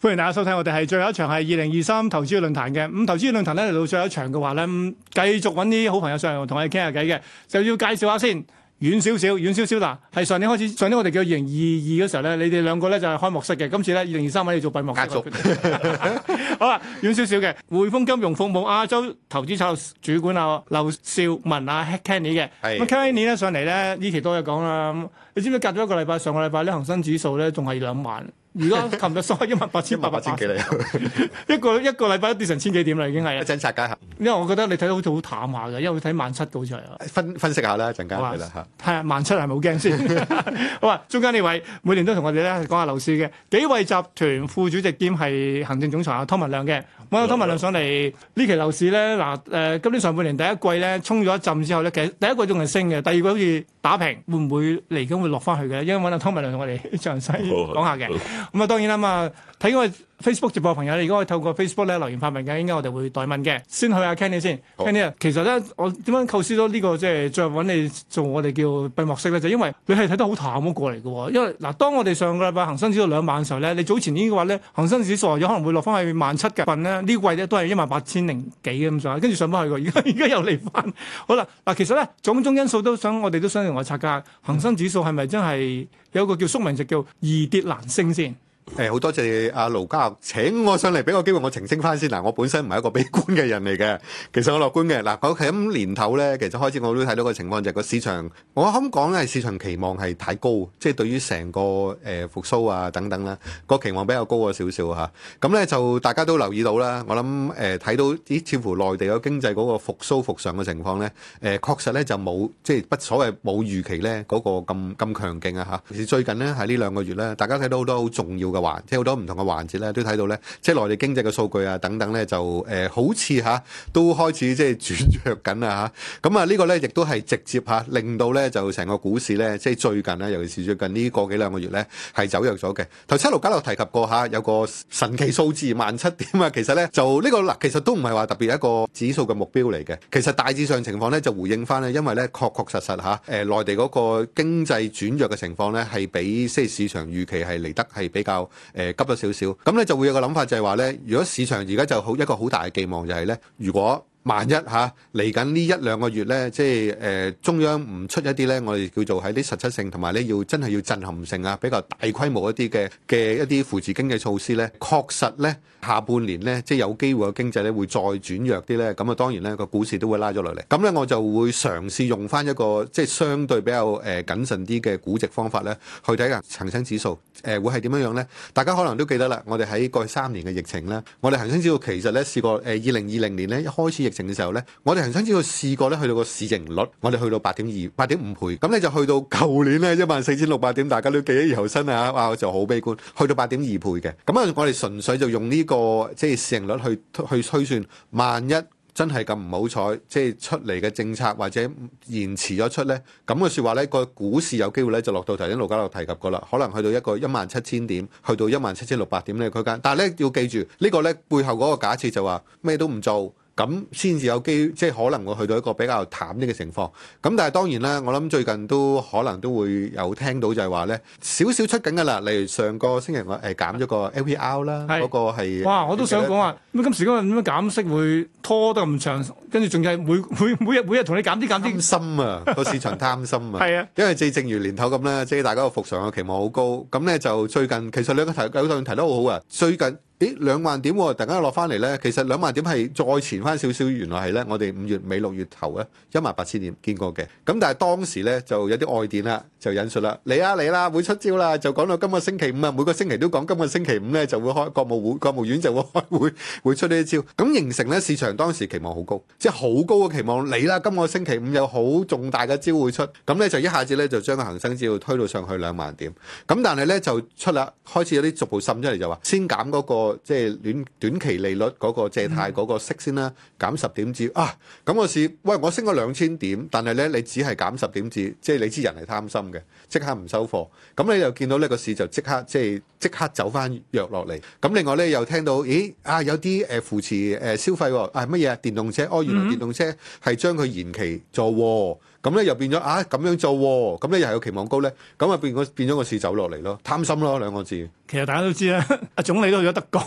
歡迎大家收睇，我哋係最後一場係二零二三投資論壇嘅，咁投資論壇咧，嚟到最後一場嘅話咧，繼續揾啲好朋友上嚟同我哋傾下偈嘅。就要介紹下先，遠少少，遠少少嗱，係上年開始，上年我哋叫二零二二嗰時候咧，你哋兩個咧就係、是、開幕式嘅，今次咧二零二三我要做閉幕式。式住。縮。 好啊，遠少少嘅，匯豐金融服務亞洲投資策略主管啊，劉紹文啊，啊，Kenny 嘅。咁的、嗯、Kenny 咧上嚟咧，呢期多嘢講啦。你知唔知隔咗一個禮拜，上個禮拜呢，恒生指數咧仲係兩萬。 如果琴日收一萬八千八百點，一個 一個禮拜跌成千幾點啦，已經係一陣拆解嚇。 因為我覺得你睇到好似好淡下嘅，因為會睇萬七到好似係啊。分分析下啦，陣間嘅啦嚇。係萬七係咪好驚先？好啊，中間呢位每年都同我哋咧講下樓市嘅，紀惠集團副主席兼係行政總裁阿湯文亮嘅。揾到湯文亮上嚟，呢 期樓市咧嗱誒，今年上半年第一季咧衝咗一陣之後咧，其實第一季仲係升嘅，第二季好似打平會唔會嚟緊會落翻去嘅咧？因為搵阿湯文亮同我哋詳細講下嘅。咁啊、 嗯，當然啦嘛，睇、嗯、我哋。Facebook 直播朋友你如果可以透過 Facebook 咧留言發問嘅，應該我哋會代問嘅。先去阿 Candy 先，Candy 啊，好 Candy，其實咧，我點樣構思到呢、呢個即係最後揾你做我哋叫閉幕式咧，就因為你係睇得好淡咁過嚟嘅。因為嗱，當我哋上個禮拜恒生指數兩萬嘅時候咧，你早前呢個話咧，恒生指數有可能會落翻去萬七嘅，份咧呢季咧都係一萬八千零幾咁上下，跟住上翻去嘅，而家而家又嚟翻。好啦，嗱，其實咧，種種因素都想我哋都想同我拆解恒生指數係咪真係有一個叫宿命值叫易跌難升先。誒好多謝阿盧家，請我上嚟俾個機會我澄清翻先嗱，我本身唔係一個悲觀嘅人嚟嘅，其實我樂觀嘅嗱。我係咁年頭咧，其實開始我都睇到個情況就係個市場，我肯講係市場期望係太高，即係對於成個誒復甦啊等等啦，個期望比較高咗少少嚇。咁咧就大家都留意到啦，我諗誒睇到啲似乎內地嘅經濟嗰個復甦復上嘅情況咧，誒確實咧就冇即係不所謂冇預期咧嗰個咁咁強勁啊嚇。其實最近咧喺呢兩個月咧，大家睇到好多好重要嘅。環即係好多唔同嘅環節咧，都睇到咧，即係內地經濟嘅數據啊，等等咧就誒、呃、好似吓、啊、都開始即係轉弱緊啦吓，咁啊，啊，啊、這個、呢個咧亦都係直接吓、啊、令到咧就成個股市咧即係最近咧，尤其是最近呢個幾兩個月咧係走弱咗嘅。頭七六九六提及過吓、啊，有個神奇數字萬七點啊，其實咧就呢、這個嗱，其實都唔係話特別一個指數嘅目標嚟嘅，其實大致上情況咧就回應翻咧，因為咧確確實實吓誒內地嗰個經濟轉弱嘅情況咧係比即係市場預期係嚟得係比較。誒急咗少少，咁咧就會有個諗法，就係話咧，如果市場而家就好一個好大嘅寄望，就係咧，如果。 萬一嚇嚟緊呢一兩個月呢，即係誒、呃、中央唔出一啲呢，我哋叫做喺啲實質性同埋呢，要真係要震撼性啊，比較大規模一啲嘅嘅一啲扶持經濟嘅措施呢。確實呢，下半年呢，即係有機會個經濟呢會再轉弱啲呢。咁啊當然呢，個股市都會拉咗落嚟。咁呢，我就會嘗試用翻一個即係相對比較誒謹慎啲嘅估值方法呢，去睇下恒生指數誒、呃、會係點樣樣呢。大家可能都記得啦，我哋喺過去三年嘅疫情呢，我哋恒生指數其實呢試過誒二零二零年呢一開始疫情嘅時候咧，我哋恒生只有試過咧，去到個市盈率，我哋去到八點二、八點五倍，咁你就去到舊年呢一萬四千六百點，大家都記憶猶新啊！哇，我就好悲觀，去到八點二倍嘅，咁啊，我哋純粹就用呢、呢個即係市盈率去去推算，萬一真係咁唔好彩，即係出嚟嘅政策或者延遲咗出呢。咁嘅說話呢個股市有機會呢就落到頭先盧家樂提及過啦，可能去到一個一萬七千點，去到一萬七千六百點嘅區間，但係呢，要記住呢、呢個呢背後嗰個假設就話咩都唔做。咁先至有機會，即係可能會去到一個比較淡啲嘅情況。咁但係當然啦，我諗最近都可能都會有聽到就係話咧，少少出緊㗎啦。例如上個星期我誒減咗個 LPR 啦，嗰個係哇，我都想講呀，咁今時今日點樣減息會拖得咁長，跟住仲係每每每日每日同你減啲減啲咁深啊，個市場貪心啊，係啊，因為正正如年頭咁咧，即係大家嘅復常嘅期望好高。咁咧就最近其實兩個題有兩題都好好嘅，最近。誒兩萬點喎、啊，突然間落翻嚟呢。其實兩萬點係再前翻少少，原來係呢。我哋五月尾六月頭咧一萬八千點見過嘅。咁但係當時呢，就有啲外電啦，就引述啦：嚟啊嚟啦、啊，會出招啦！就講到今個星期五啊，每個星期都講今個星期五呢，就會開國務會，國務院就會開會，會出呢啲招。咁形成呢市場當時期望好高，即係好高嘅期望。你啦、啊，今個星期五有好重大嘅招會出，咁呢，就一下子呢，就將個恆生指數推到上去兩萬點。咁但係呢，就出啦，開始有啲逐步滲出嚟就話先減嗰、那個。即係短短期利率嗰個借貸嗰個息先啦，減十點子。啊！咁個市喂，我升咗兩千點，但係呢，你只係減十點子，即係你知人係貪心嘅，即刻唔收貨。咁你又見到呢個市就即刻即刻即係即刻走翻弱落嚟。咁另外呢，又聽到咦，啊有啲誒、呃、扶持誒、呃、消費、哦、啊乜嘢啊電動車哦，原來電動車係將佢延期做。咁咧又變咗啊！咁樣做喎、哦，咁咧又係有期望高咧，咁啊變個咗個市走落嚟咯，貪心咯兩個字。其實大家都知啦，阿 總理都去咗德國，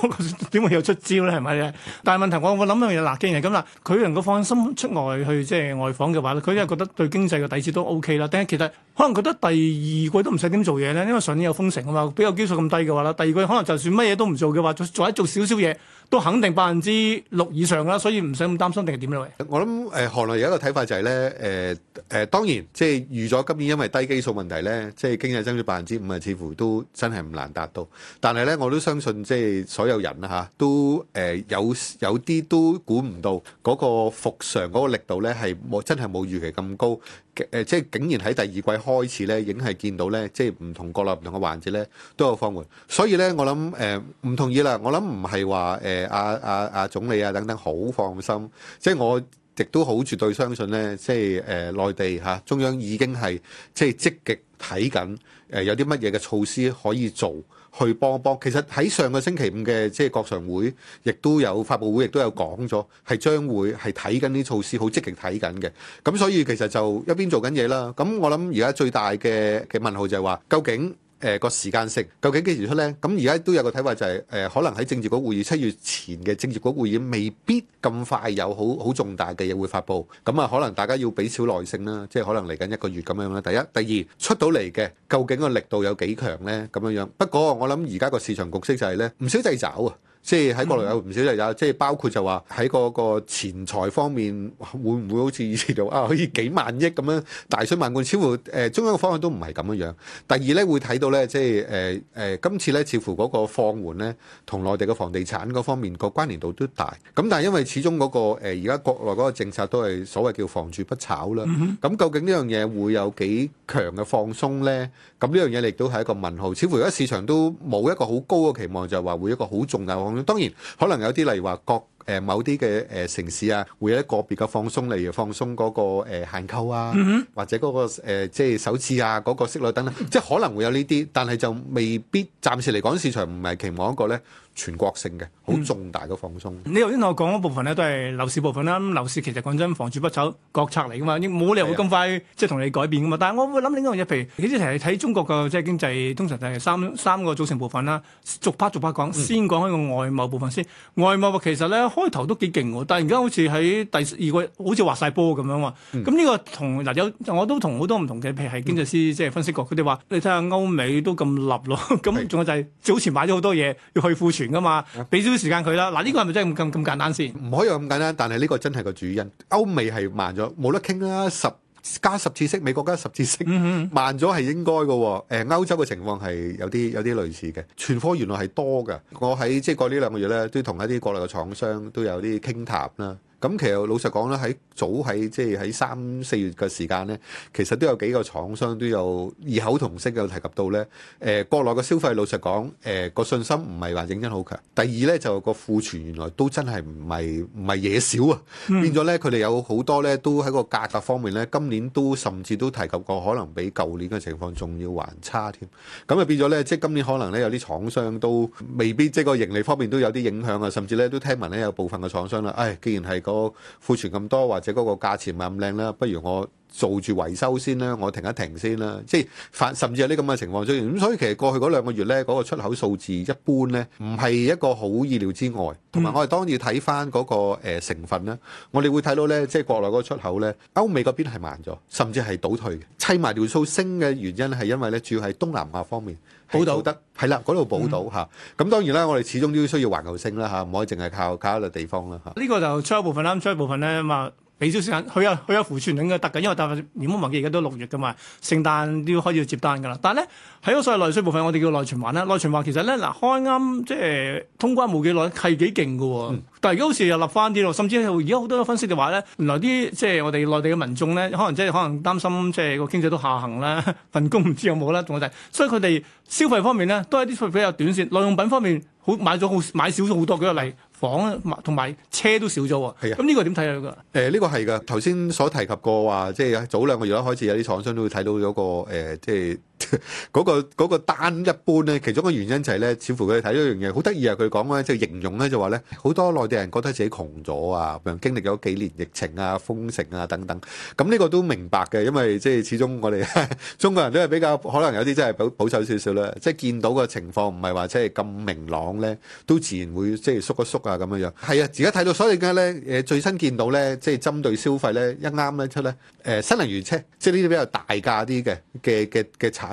點 會又出招咧？係咪啊？但係問題我我諗一樣嘢，嗱，既然係咁啦，佢能夠放心出外去即係外訪嘅話，佢佢又覺得對經濟嘅底子都 O K 啦。但係其實可能覺得第二季都唔使點做嘢咧，因為上年有封城啊嘛，比較基數咁低嘅話啦，第二季可能就算乜嘢都唔做嘅話，再做少少嘢都肯定百分之六以上啦，所以唔使咁擔心定係點啦？樣我諗誒，韓來有一個睇法就係咧誒。呃呃誒、呃、當然，即係預咗今年因為低基數問題咧，即係經濟增長百分之五啊，似乎都真係唔難達到。但係呢，我都相信即係所有人啦都誒、呃、有有啲都估唔到嗰個復常嗰個力度呢係冇真係冇預期咁高。誒即係竟然喺第二季開始呢，已經係見到呢，即係唔同國內唔同嘅環節呢都有放緩。所以呢，我諗誒唔同意啦。我諗唔係話誒阿阿阿總理啊等等好放心，即係我。亦都好絕對相信咧，即係誒內地嚇、啊、中央已經係即係積極睇緊誒有啲乜嘢嘅措施可以做去幫幫。其實喺上個星期五嘅即係國常會，亦都有發佈會，亦都有講咗，係將會係睇緊啲措施，好積極睇緊嘅。咁所以其實就一邊做緊嘢啦。咁我諗而家最大嘅嘅問號就係話究竟。誒個時間性究竟幾時出呢？咁而家都有個睇法就係、是、誒、呃，可能喺政治局會議七月前嘅政治局會議未必咁快有好好重大嘅嘢會發布。咁啊，可能大家要俾少耐性啦，即係可能嚟緊一個月咁樣啦。第一，第二出到嚟嘅究竟個力度有幾強呢？咁樣樣。不過我諗而家個市場局勢就係呢，唔少掣肘啊。即係喺國內有唔少就有，即係包括就話喺嗰個錢財方面，會唔會好似意思到啊？可以幾萬億咁樣大水漫灌，似乎誒、呃、中央嘅方向都唔係咁樣樣。第二咧會睇到咧，即係誒誒今次咧，似乎嗰個放緩咧，同內地嘅房地產嗰方面個關聯度都大。咁但係因為始終嗰、嗰個而家、呃、國內嗰個政策都係所謂叫房住不炒啦。咁、嗯、哼究竟呢樣嘢會有幾強嘅放鬆咧？咁呢樣嘢嚟到係一個問號，似乎而家市場都冇一個好高嘅期望，就係話會一個好重大嘅。當然可能有啲例如話國。誒、呃、某啲嘅誒城市啊，會有一個別嘅放鬆，例如放鬆嗰、那個、呃、限購啊，mm hmm. 或者嗰、那個、呃、即係首次啊，嗰、那個息率等等。Mm hmm. 即係可能會有呢啲，但係就未必暫時嚟講，市場唔係期望一個咧全國性嘅好重大嘅放鬆。Mm hmm. 你頭先同我講嗰部分咧，都係樓市部分啦、啊。咁樓市其實講真，房住不炒國策嚟㗎嘛，冇理由會咁快即係同你改變㗎嘛。但係我會諗另一樣嘢，譬如呢啲係睇中國嘅即係經濟通常就係三三,三,三個組成部分啦、啊，逐拍逐拍 a 講，mm hmm. 先講開個外貿部分先。外貿其實咧。開頭都幾勁喎，但係而家好似喺第二個好似滑晒波咁樣喎。咁呢、嗯、個同嗱有我都同好多唔同嘅，譬如係經濟師即係分析過，佢哋話你睇下歐美都咁立咯，咁仲有就係早前買咗好多嘢要去庫存噶嘛，俾、嗯、少少時間佢啦。嗱呢、嗯、個係咪真係咁咁咁簡單先？唔可以咁簡單，但係呢個真係個主因。歐美係慢咗，冇得傾啦十，加十次息，美國加十次息，慢咗係應該嘅。誒，歐洲嘅情況係有啲有啲類似嘅。存貨原來係多嘅，我喺即係過呢兩個月呢，都同一啲國內嘅廠商都有啲傾談啦。咁其實老實講咧，喺早喺即係喺三四月嘅時間咧，其實都有幾個廠商都有異口同聲嘅提及到咧。誒，國內嘅消費老實講，誒個信心唔係話認真好強。第二咧就個庫存原來都真係唔係唔係嘢少啊，變咗咧佢哋有好多咧都喺個價格方面咧，今年都甚至都提及過可能比舊年嘅情況仲要還差添。咁啊變咗咧，即係今年可能咧有啲廠商都未必即係個盈利方面都有啲影響啊，甚至咧都聽聞咧有部分嘅廠商啦，誒既然係個我庫存咁多，或者嗰個價錢唔係咁靚啦，不如我，做住維修先啦，我停一停先啦。即係發，甚至有啲咁嘅情況出現。咁所以其實過去嗰兩個月咧，嗰個出口數字一般咧，唔係一個好意料之外。同埋我哋當然要睇翻嗰個誒成分咧，我哋會睇到咧，即係國內嗰個出口咧，歐美嗰邊係慢咗，甚至係倒退嘅。砌埋條數升嘅原因係因為咧，主要喺東南亞方面係做得係啦，嗰度補到嚇。咁當然啦，我哋始終都需要環球性啦嚇，唔可以淨係靠靠一個地方啦嚇。呢個就最後部分啦，最後部分咧咁啊。俾少時間，去又佢又庫存應該突緊，因為但係年終旺季而家都六月噶嘛，聖誕都要開始接單噶啦。但係咧，喺嗰個所謂內需部分，我哋叫內循環啦。內循環其實咧，嗱開啱即係通關冇幾耐，係幾勁嘅。嗯、但係而家好似又立翻啲咯。甚至而家好多分析嘅話咧，原來啲即係我哋內地嘅民眾咧，可能即係可能擔心即係個經濟都下行啦， 份工唔知有冇啦，仲有就係所以佢哋消費方面咧，都係啲比較短線。耐用品方面，好買咗好買少咗好多。舉個例。房同埋車都少咗喎，咁呢個點睇啊？誒、呃，呢、呢個係㗎，頭先所提及過話，即係早兩個月開始有啲廠商都會睇到咗個誒，即係。嗰、 那個嗰、那個、單一般咧，其中嘅原因就係咧，似乎佢睇到一樣嘢好得意啊！佢講咧，即係形容咧，就話咧，好多內地人覺得自己窮咗啊，咁樣經歷咗幾年疫情啊、封城啊等等，咁呢個都明白嘅，因為即係始終我哋 中國人都係比較可能有啲真係保守少少啦，即係見到個情況唔係話真係咁明朗咧，都自然會即係縮一縮啊咁樣樣。係啊，而家睇到所以而家咧誒最新見到咧，即係針對消費咧一啱咧出咧誒、呃、新能源車，即係呢啲比較大價啲嘅嘅嘅嘅產。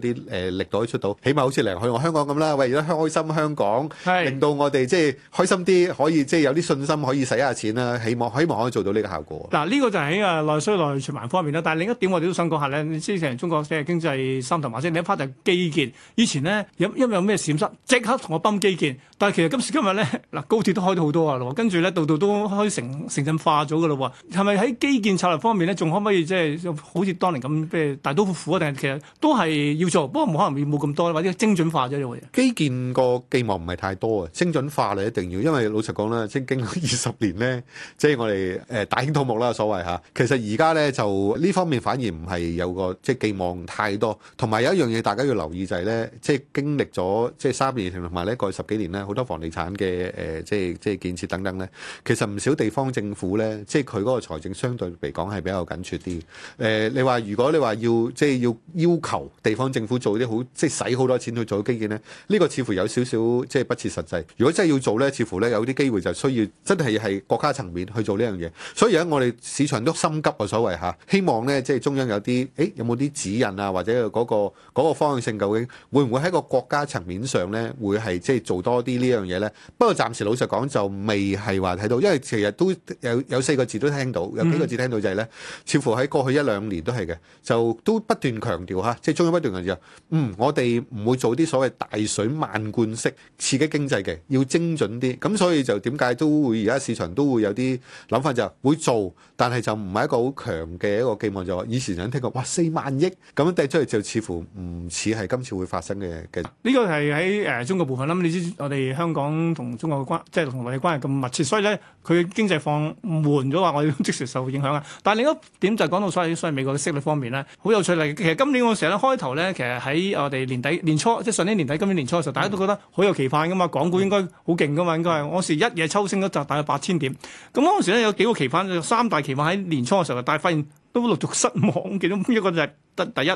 啲誒、嗯、力度可以出到，起碼好似嚟去去香港咁啦。喂，為咗開心香港，是令到我哋即係開心啲，可以即係有啲信心，可以使下錢啦。起望希望可以做到呢個效果。嗱，呢個就係喺內需內循環方面啦。但係另一點我哋都想講下咧，即係中國即係經濟三頭即勝。第一 part 就基建，以前呢，因因為有咩閃失，即刻同我泵基建。但係其實今時今日咧，嗱高鐵都開咗好多啊，跟住咧度度都開城城鎮化咗嘅啦。係咪喺基建策略方面咧，仲可唔可以即係好似當年咁咩大刀闊斧啊？定係其實都係要？錯，不過唔可能冇咁多啦，或者精準化啫。基建個寄望唔係太多啊，精準化你一定要，因為老實講啦，即係經過二十年咧，即係我哋誒大興土木啦，所謂吓。其實而家咧就呢方面反而唔係有個即係寄望太多，同埋有一樣嘢大家要留意就係、是、咧，即係經歷咗即係三年同埋呢個十幾年咧，好多房地產嘅誒、呃、即係即係建設等等咧，其實唔少地方政府咧，即係佢嗰個財政相對嚟講係比較緊絀啲。誒、呃，你話如果你話要即係要要求地方政府做啲好，即係使好多錢去做基建呢。呢、呢個似乎有少少即係不切實際。如果真係要做呢，似乎呢有啲機會就需要真係係國家層面去做呢樣嘢。所以而家我哋市場都心急啊，所謂嚇，希望呢，即係中央有啲，誒、哎、有冇啲指引啊，或者嗰、嗰個那個方向性究竟會唔會喺個國家層面上呢？會係即係做多啲呢樣嘢呢。不過暫時老實講就未係話睇到，因為其實都有有四個字都聽到，有幾個字聽到就係呢，似乎喺過去一兩年都係嘅，就都不斷強調嚇，即係中央不斷強調。嗯，我哋唔會做啲所謂大水漫灌式刺激經濟嘅，要精準啲。咁所以就點解都會而家市場都會有啲諗法，就係會做，但係就唔係一個好強嘅一個寄望，就話、是、以前想人聽過，哇四萬億咁樣掟出嚟，就似乎唔似係今次會發生嘅嘅。呢個係喺誒中國部分啦。你知我哋香港同中國關，即係同內地關係咁密切，所以咧佢經濟放緩咗啊，我哋即時受影響啊。但係另一點就講到所以所以美國嘅息率方面咧，好有趣嚟。其實今年我成日咧開頭咧。其實喺我哋年底年初，即係上年年底、今年年初嘅時候，大家都覺得好有期盼㗎嘛，港股應該好勁㗎嘛，應該係。我時一夜抽升咗就大約八千點。咁嗰陣時咧有幾個期盼，有三大期盼喺年初嘅時候，大家發現都陸續失望。其中一個就係、是、得第一就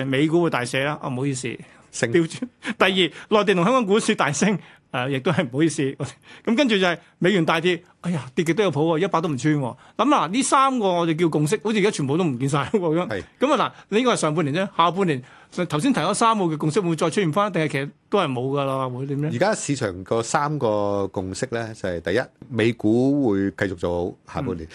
係、是、美股會大寫啦。啊，唔好意思。掉穿。第二，內地同香港股市大升，誒，亦都係唔好意思。咁跟住就係美元大跌，哎呀，跌極都有譜喎，一百都唔穿。咁嗱，呢三個我哋叫共識，好似而家全部都唔見晒喎咁。咁啊嗱，你呢個係上半年啫，下半年頭先提咗三個嘅共識會再出現翻，定係其實都係冇㗎啦？會點咧？而家市場個三個共識咧，就係第一，美股會繼續做好下半年。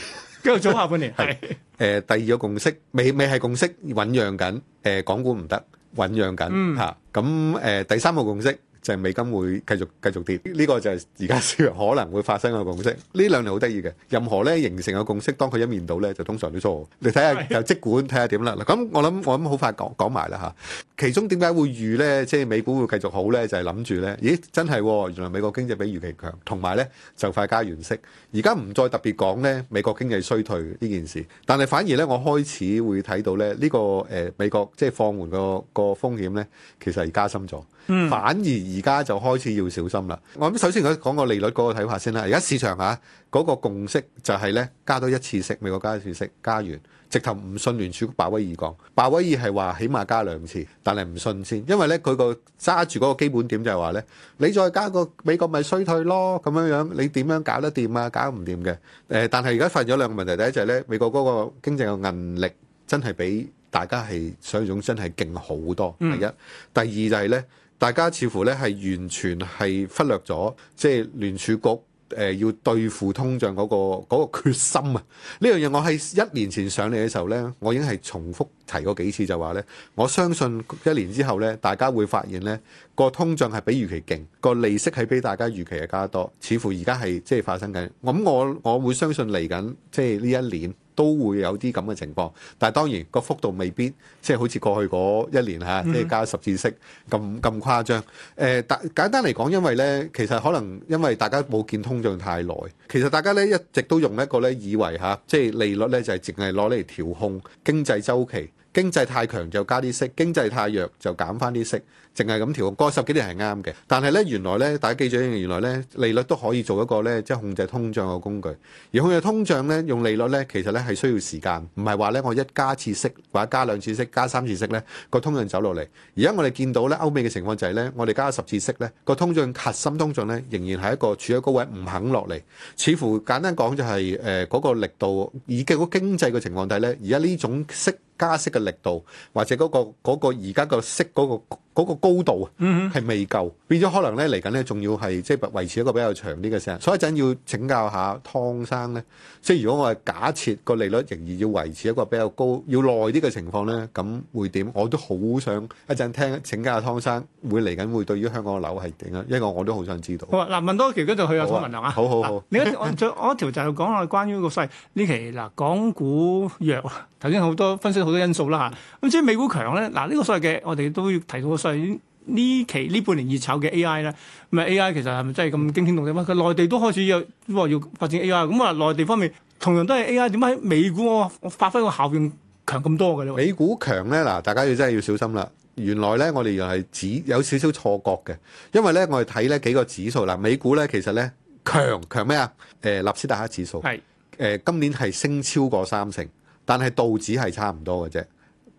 繼續做下半年。係。誒，第二個共識，未未係共識，醖釀緊。誒，港股唔得。醖釀緊嚇，咁誒、嗯啊呃、第三個共識。就係美金會繼續繼續跌，呢、這個就係而家可能會發生嘅共識。呢兩樣好得意嘅，任何咧形成嘅共識，當佢一面到咧，就通常都錯。你睇下， 就即管睇下點啦。嗱，咁我諗我諗好快講講埋啦嚇。其中點解會預咧，即係美股會繼續好咧？就係諗住咧，咦，真係喎，哦，原來美國經濟比預期強，同埋咧就快加完息。而家唔再特別講咧美國經濟衰退呢件事，但係反而咧我開始會睇到咧呢、這個誒、呃、美國即係放緩個、那個風險咧，其實而加深咗。反而而家就開始要小心啦。我諗首先佢講個利率嗰個睇法先啦。而家市場啊，嗰個共識就係咧加多一次息，美國加一次息，加完直頭唔信聯儲局鮑威爾講。鮑威爾係話起碼加兩次，但係唔信先，因為咧佢個揸住嗰個基本點就係話咧，你再加個美國咪衰退咯咁樣樣，你點樣搞得掂啊？搞唔掂嘅。誒，但係而家發現咗兩個問題，第一就係咧美國嗰個經濟嘅韌力真係比大家係想像中真係勁好多。第一，第二就係咧。大家似乎咧係完全係忽略咗，即係聯儲局誒、呃、要對付通脹嗰個嗰個決心啊！呢樣嘢我喺一年前上嚟嘅時候呢，我已經係重複提過幾次，就話呢：我相信一年之後呢，大家會發現呢個通脹係比預期勁，個利息係比大家預期係加多。似乎而家係即係發生緊，咁我我會相信嚟緊即係呢一年。都會有啲咁嘅情況，但係當然個幅度未必即係好似過去嗰一年嚇，即係加十字息咁咁誇張。誒、呃，但簡單嚟講，因為呢，其實可能因為大家冇見通脹太耐，其實大家呢一直都用一個呢以為嚇，即係利率呢就係淨係攞嚟調控經濟周期。經濟太強就加啲息，經濟太弱就減翻啲息。淨係咁調控嗰十幾年係啱嘅，但係呢原來呢，大家記住，原來呢利率都可以做一個呢，即係控制通脹嘅工具。而控制通脹呢，用利率呢，其實呢係需要時間，唔係話呢我一加次息，或者加兩次息，加三次息呢個通脹走落嚟。而家我哋見到呢歐美嘅情況就係呢，我哋加十次息呢個通脹核心通脹呢仍然係一個處於高位，唔肯落嚟。似乎簡單講就係誒嗰個力度，以個經濟嘅情況底下呢，而家呢種息加息嘅力度或者嗰個嗰個而家個息嗰個。嗰個高度啊，係未夠，變咗可能咧嚟緊咧，仲要係即係維持一個比較長啲嘅聲，所以一陣要請教下湯生咧，即係如果我係假設個利率仍然要維持一個比較高、要耐啲嘅情況咧，咁會點？我都好想一陣聽請教下湯生，會嚟緊會對於香港嘅樓係點啊？因為我都好想知道。嗱、啊，問多幾句就去阿、啊、湯、啊、文亮啦、啊，好好好。另一我 我一條就係講下關於、呢個勢呢期嗱，港股弱。頭先好多分析好多因素啦吓，咁至於美股強咧，嗱呢、這個所謂嘅我哋都提到嘅所謂呢期呢半年熱炒嘅 A I 咧，咁啊 A I 其實係咪真係咁驚天動地？佢內地都開始又要,要發展 A I，咁啊內地方面同樣都係 A I，點解美股我發揮個效用強咁多嘅咧？美股強咧，嗱大家要真係要小心啦。原來咧，我哋又係指有少少錯覺嘅，因為咧我哋睇呢幾個指數啦，美股咧其實咧強強咩啊？誒、呃、納斯達克指數係誒是、呃、今年係升超過三成。但係道指係差唔多嘅啫，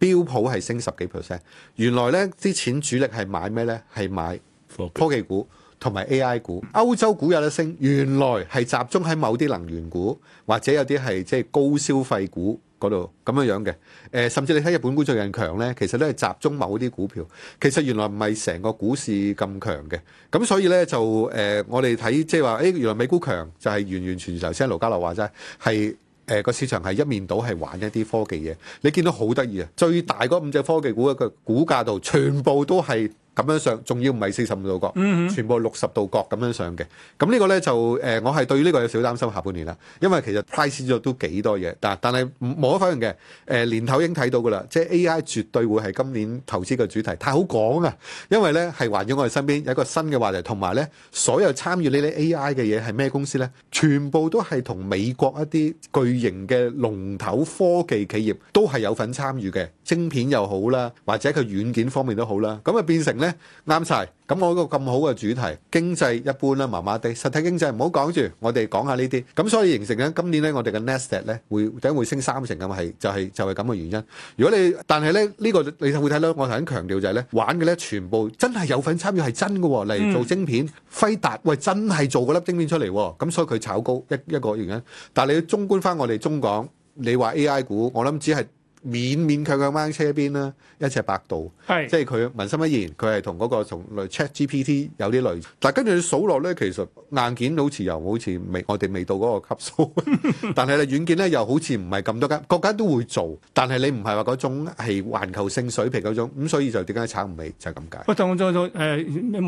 標普係升十幾 percent。原來咧啲錢主力係買咩咧？係買科技股同埋 AI 股。歐洲股有得升，原來係集中喺某啲能源股或者有啲係即係高消費股嗰度咁樣樣嘅。誒、呃，甚至你睇日本股最近強咧，其實咧係集中某啲股票。其實原來唔係成個股市咁強嘅。咁所以咧就誒、呃，我哋睇即係話誒，原來美股強就係完完全全頭先，盧嘉樂話齋係。誒個、呃、市場係一面倒係玩一啲科技嘢，你見到好得意啊！最大嗰五隻科技股嘅股價度，全部都係。咁樣上，仲要唔係四十五度角，全部六十度角咁樣上嘅。咁呢個呢，就誒、呃，我係對呢個有少擔心下半年啦。因為其實 price 咗都幾多嘢，但但係冇得否認嘅。誒、呃、年頭已經睇到噶啦，即係 A I 絕對會係今年投資嘅主題。太好講啊，因為呢係環繞我哋身邊有一個新嘅話題，同埋呢，所有參與呢啲 A I 嘅嘢係咩公司呢？全部都係同美國一啲巨型嘅龍頭科技企業都係有份參與嘅，晶片又好啦，或者佢軟件方面都好啦，咁啊變成。啱晒，咁我個咁好嘅主題，經濟一般啦，麻麻地，實體經濟唔好講住，我哋講下呢啲，咁所以形成咧，今年呢，我哋嘅 NASDAQ 咧會點會升三成咁係就係、是、就係咁嘅原因。如果你但係咧呢、呢個你會睇咧，我頭先強調就係、是、呢玩嘅呢，全部真係有份參與係真嘅、哦，例如做晶片，輝、mm. 達喂真係做嗰粒晶片出嚟、哦，咁所以佢炒高一一個原因。但係你要中觀翻我哋中港，你話 AI 股，我諗只係。勉勉強強掹喺車邊啦，一隻百度，是即係佢文心一言，佢係同嗰個同、嗰個、類 ChatGPT 有啲類。但係跟住你數落咧，其實硬件好似又好似未，我哋未到嗰個級數。但係咧軟件咧又好似唔係咁多間國家都會做，但係你唔係話嗰種係環球性水平嗰種，咁所以就點解炒唔起就係咁解。喂，同同同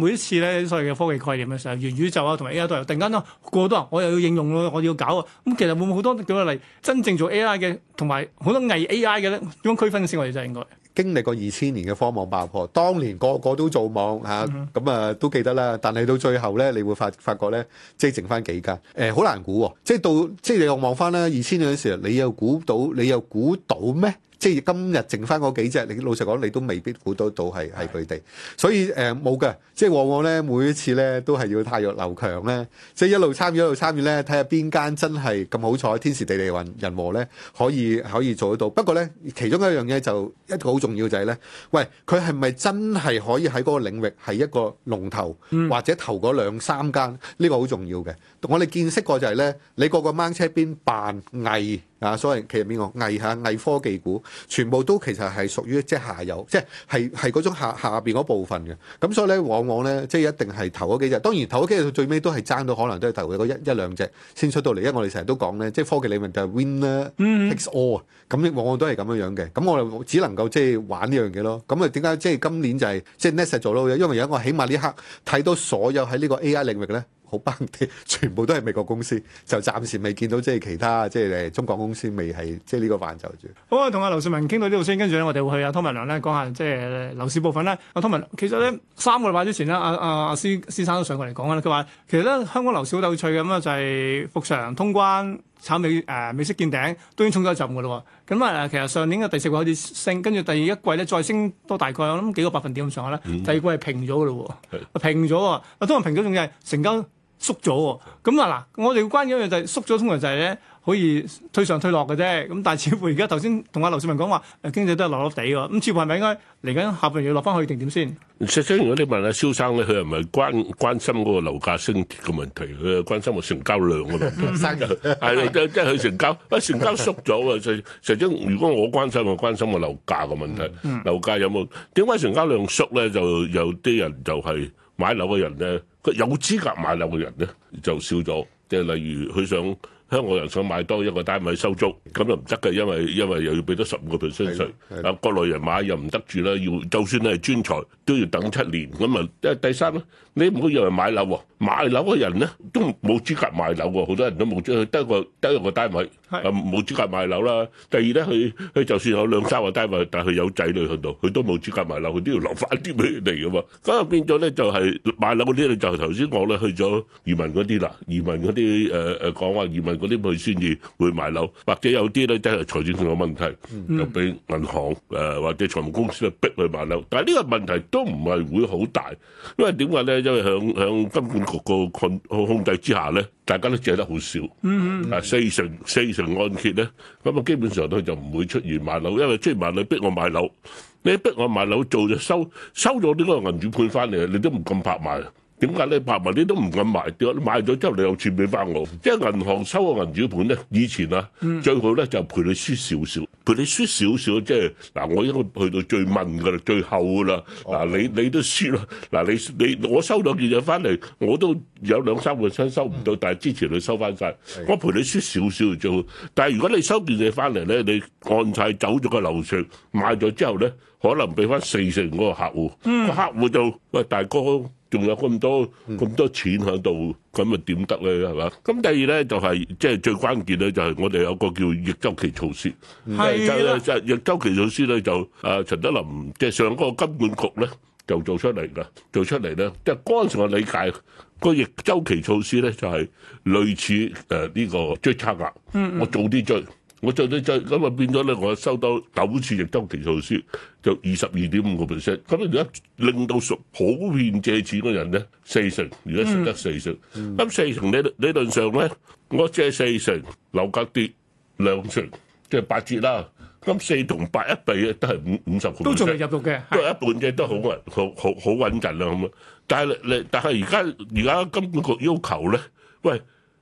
每一次咧所謂嘅科技概念嘅時候，元宇宙啊，同埋 AI 都係突然間咯過多人，我又要應用咯，我要搞啊。咁其實會唔會好多舉個例，真正做 AI 嘅同埋好多偽 AI？點樣區分先？我哋真係應該經歷過二千年嘅科網爆破，當年個個都做網吓，咁啊，啊都記得啦。但係到最後咧，你會發發覺咧，即係剩翻幾間，誒、欸，好難估、哦。即係到即係你又望翻咧，二千年嗰時候，你又估到？你又估到咩？即係今日剩翻嗰幾隻，你老實講，你都未必估得到係係佢哋。的所以誒冇嘅，即係往往咧，每一次咧都係要汰弱留強咧，即係一路參與一路參與咧，睇下邊間真係咁好彩，天時地利運人和咧，可以可以做得到。不過咧，其中一樣嘢就一個好重要就係咧，喂，佢係咪真係可以喺嗰個領域係一個龍頭，嗯、或者頭嗰兩三間呢、這個好重要嘅。我哋見識過就係咧，你個個掹車邊扮藝。啊！所以其實邊個偽下偽科技股，全部都其實係屬於即係下游，即係係係嗰種下下邊嗰部分嘅。咁所以咧，往往咧即係一定係頭嗰幾隻，當然頭嗰幾隻到最尾都係爭到，可能都係頭嗰一一,一兩隻先出到嚟。因為我哋成日都講咧，即係科技領域就係 winner takes all 啊。咁往往都係咁樣樣嘅。咁我哋只能夠即係玩呢樣嘢咯。咁啊，點解即係今年就係、是、即係 n e s t e r 做咯？因為有我起碼呢刻睇到所有喺呢個 AI 領域咧。好崩啲，全部都係美國公司，就暫時未見到即係其他即係中國公司未係即係呢個範疇住。好，我同阿劉紹文傾到呢度先，跟住咧我哋會去阿、啊、湯文亮咧講下即係樓市部分咧。阿湯文其實咧三個禮拜之前咧，阿阿施施生都上過嚟講啦。佢話其實咧，香港樓市好有趣嘅咁啊，就係、是、復常通關。炒尾誒美式見頂，都已經衝咗一陣嘅咯喎。咁、嗯、啊，其實上年嘅第四季開始升，跟住第二一季咧再升多大概我諗幾個百分點咁上下啦。嗯、第二季係平咗嘅咯喎，的平咗啊！通常平咗仲要係成交。縮咗喎，咁啊嗱，我哋關嘅一樣就係縮咗，通常就係咧可以推上推落嘅啫。咁但係似乎而家頭先同阿劉紹文講話，經濟都係落落地喎。咁似乎係咪應該嚟緊下半年要落翻去定點先？石總，如果你問阿、啊、蕭生咧，佢係唔係關關心嗰個樓價升跌嘅問題，佢係關心個成交量嘅問題。生係即係即係佢成交，成交縮咗啊！石石總，如果我關心，我、我、關心個樓價嘅問題，樓價有冇點解成交量縮咧？就有啲人就係買樓嘅人咧。有資格買樓嘅人咧，就少咗。即係例如佢想。香港人想買多一個單位收租，咁就唔得嘅，因為因為又要俾多十五個 percent 稅。啊，國內人買又唔得住啦，要就算係專才都要等七年，咁啊，第三咯，你唔好以為買樓喎，買樓嘅人咧都冇資格買樓喎，好多人都冇資格，得一個得一個單位啊冇資格買樓啦。第二咧，佢佢就算有兩三個單位，但佢有仔女喺度，佢都冇資格買樓，佢都要留翻啲俾嚟嘅喎。咁變咗咧就係買樓嗰啲就係頭先我啦，去咗移民嗰啲啦，移民嗰啲誒誒講話移民。嗰啲佢先至會買樓，或者有啲咧即係財政上有問題，就俾銀行誒或者財務公司去逼佢買樓。但係呢個問題都唔係會好大，因為點解咧？因為響響金管局個控控制之下咧，大家都借得好少。嗯嗯，啊四成四成按揭咧，咁啊基本上佢就唔會出現買樓，因為追買樓逼我買樓，你逼我買樓做咗收收咗呢個銀主盤翻嚟，你都唔敢拍賣。點解你拍埋你都唔敢賣掉？賣咗之後你又轉俾翻我，即係銀行收個銀主盤咧。以前啊，最好咧就陪你輸少少，陪你輸少少。即係嗱，我應該去到最問噶啦，最後噶啦嗱，你你都輸啦嗱，你你我收咗件嘢翻嚟，我都有兩三個箱收唔到，但係之前你收翻晒，我陪你輸少少就。但係如果你收件嘢翻嚟咧，你按晒走咗個流程，買咗之後咧，可能俾翻四成嗰個客戶，個客戶就喂大哥。仲有咁多咁多錢喺度，咁咪點得咧？係嘛？咁第二咧就係即係最關鍵咧，就係我哋有個叫逆週期措施。係啦，逆週期措施咧就誒陳德霖即係上嗰個金管局咧就做出嚟喇，做出嚟咧即係嗰時我理解個逆週期措施咧就係類似誒呢個追差額，我早啲追。我就就咁啊，變咗咧，我收到九次逆周期措施，就二十二點五個 percent。咁你而家令到熟普遍借錢嘅人咧，四成，而家成得四成。咁四成理理論上咧，我借四成，樓價跌兩成，即係八折啦。咁四同八一比咧，都係五五十個 percent。都仲係入到嘅，都係一半嘅，都好啊，好好好穩陣啦咁啊。但係你但係而家而家金管局要求咧，喂？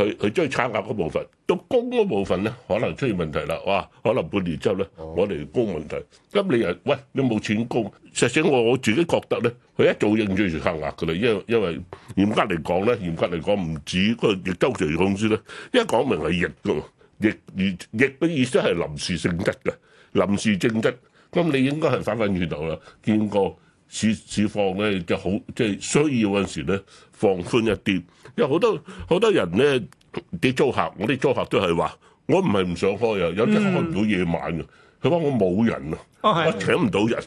佢佢追差額嗰部分，到供嗰部分咧，可能出現問題啦。哇，可能半年之後咧，我哋供問題。咁你又喂，你冇錢供，實質我我自己覺得咧，佢一早應追住差額噶啦。因為因為嚴格嚟講咧，嚴格嚟講唔止個逆週期公司咧，因為講明係逆㗎，逆意逆嘅意思係臨時性質嘅，臨時性質。咁你應該係反反轉頭啦。見過市市況咧就好，即係需要嗰陣時咧。放寬一啲，因為好多好多人咧，啲租客，我啲租客都係話，我唔係唔想開啊，有啲開唔到夜晚啊，佢話、嗯、我冇人啊，哦、我請唔到人，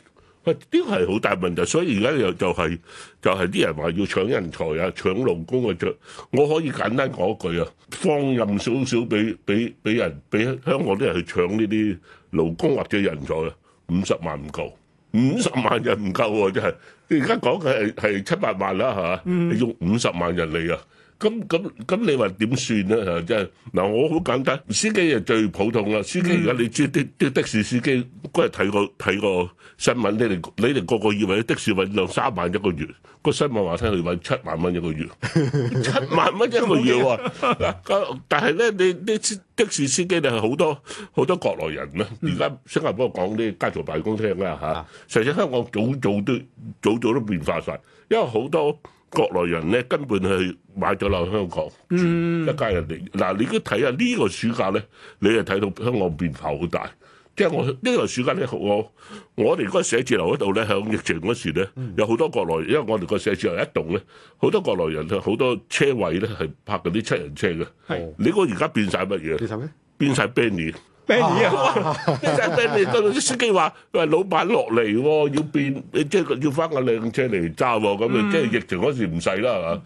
喂，呢個係好大問題，所以而家又就係、是、就係、是、啲人話要搶人才啊，搶勞工啊，啫我可以簡單講一句啊，放任少少俾俾俾人俾香港啲人去搶呢啲勞工或者人才啊，五十萬唔夠，五十萬人唔夠喎，真係。你而家講嘅係係七百萬啦，吓，你用五十萬人嚟啊！咁咁咁，你話點算咧？嚇、啊，真係嗱，我好簡單。司機又最普通啦。司機而家你知啲啲的士司機，嗰日睇個睇個新聞，你哋你哋個個以為的士揾兩三萬一個月，個新聞話聽佢揾七萬蚊一個月， 七萬蚊一個月喎。 害啊、但係咧，你你的士司機咧係好多好多國內人啦。而家 新加坡講啲家族辦公廳啦嚇，甚至香港早早都早早都變化晒，因為好多。國內人咧根本係買咗樓香港，嗯、一家人嚟。嗱、啊，你都睇下呢個暑假咧，你又睇到香港變化好大。即係我呢個暑假咧，我我哋嗰個寫字樓嗰度咧，響疫情嗰時咧，有好多國內人，因為我哋個寫字樓一棟咧，好多國內人咧，好多車位咧係泊嗰啲七人車嘅。係，你講而家變晒乜嘢？變晒咩？變 Beni。咩嘢啊？即係咩嘢？對啲司機話：喂，老闆落嚟喎，要變，即係要翻個靚車嚟揸喎。咁啊，即係疫情嗰時唔使啦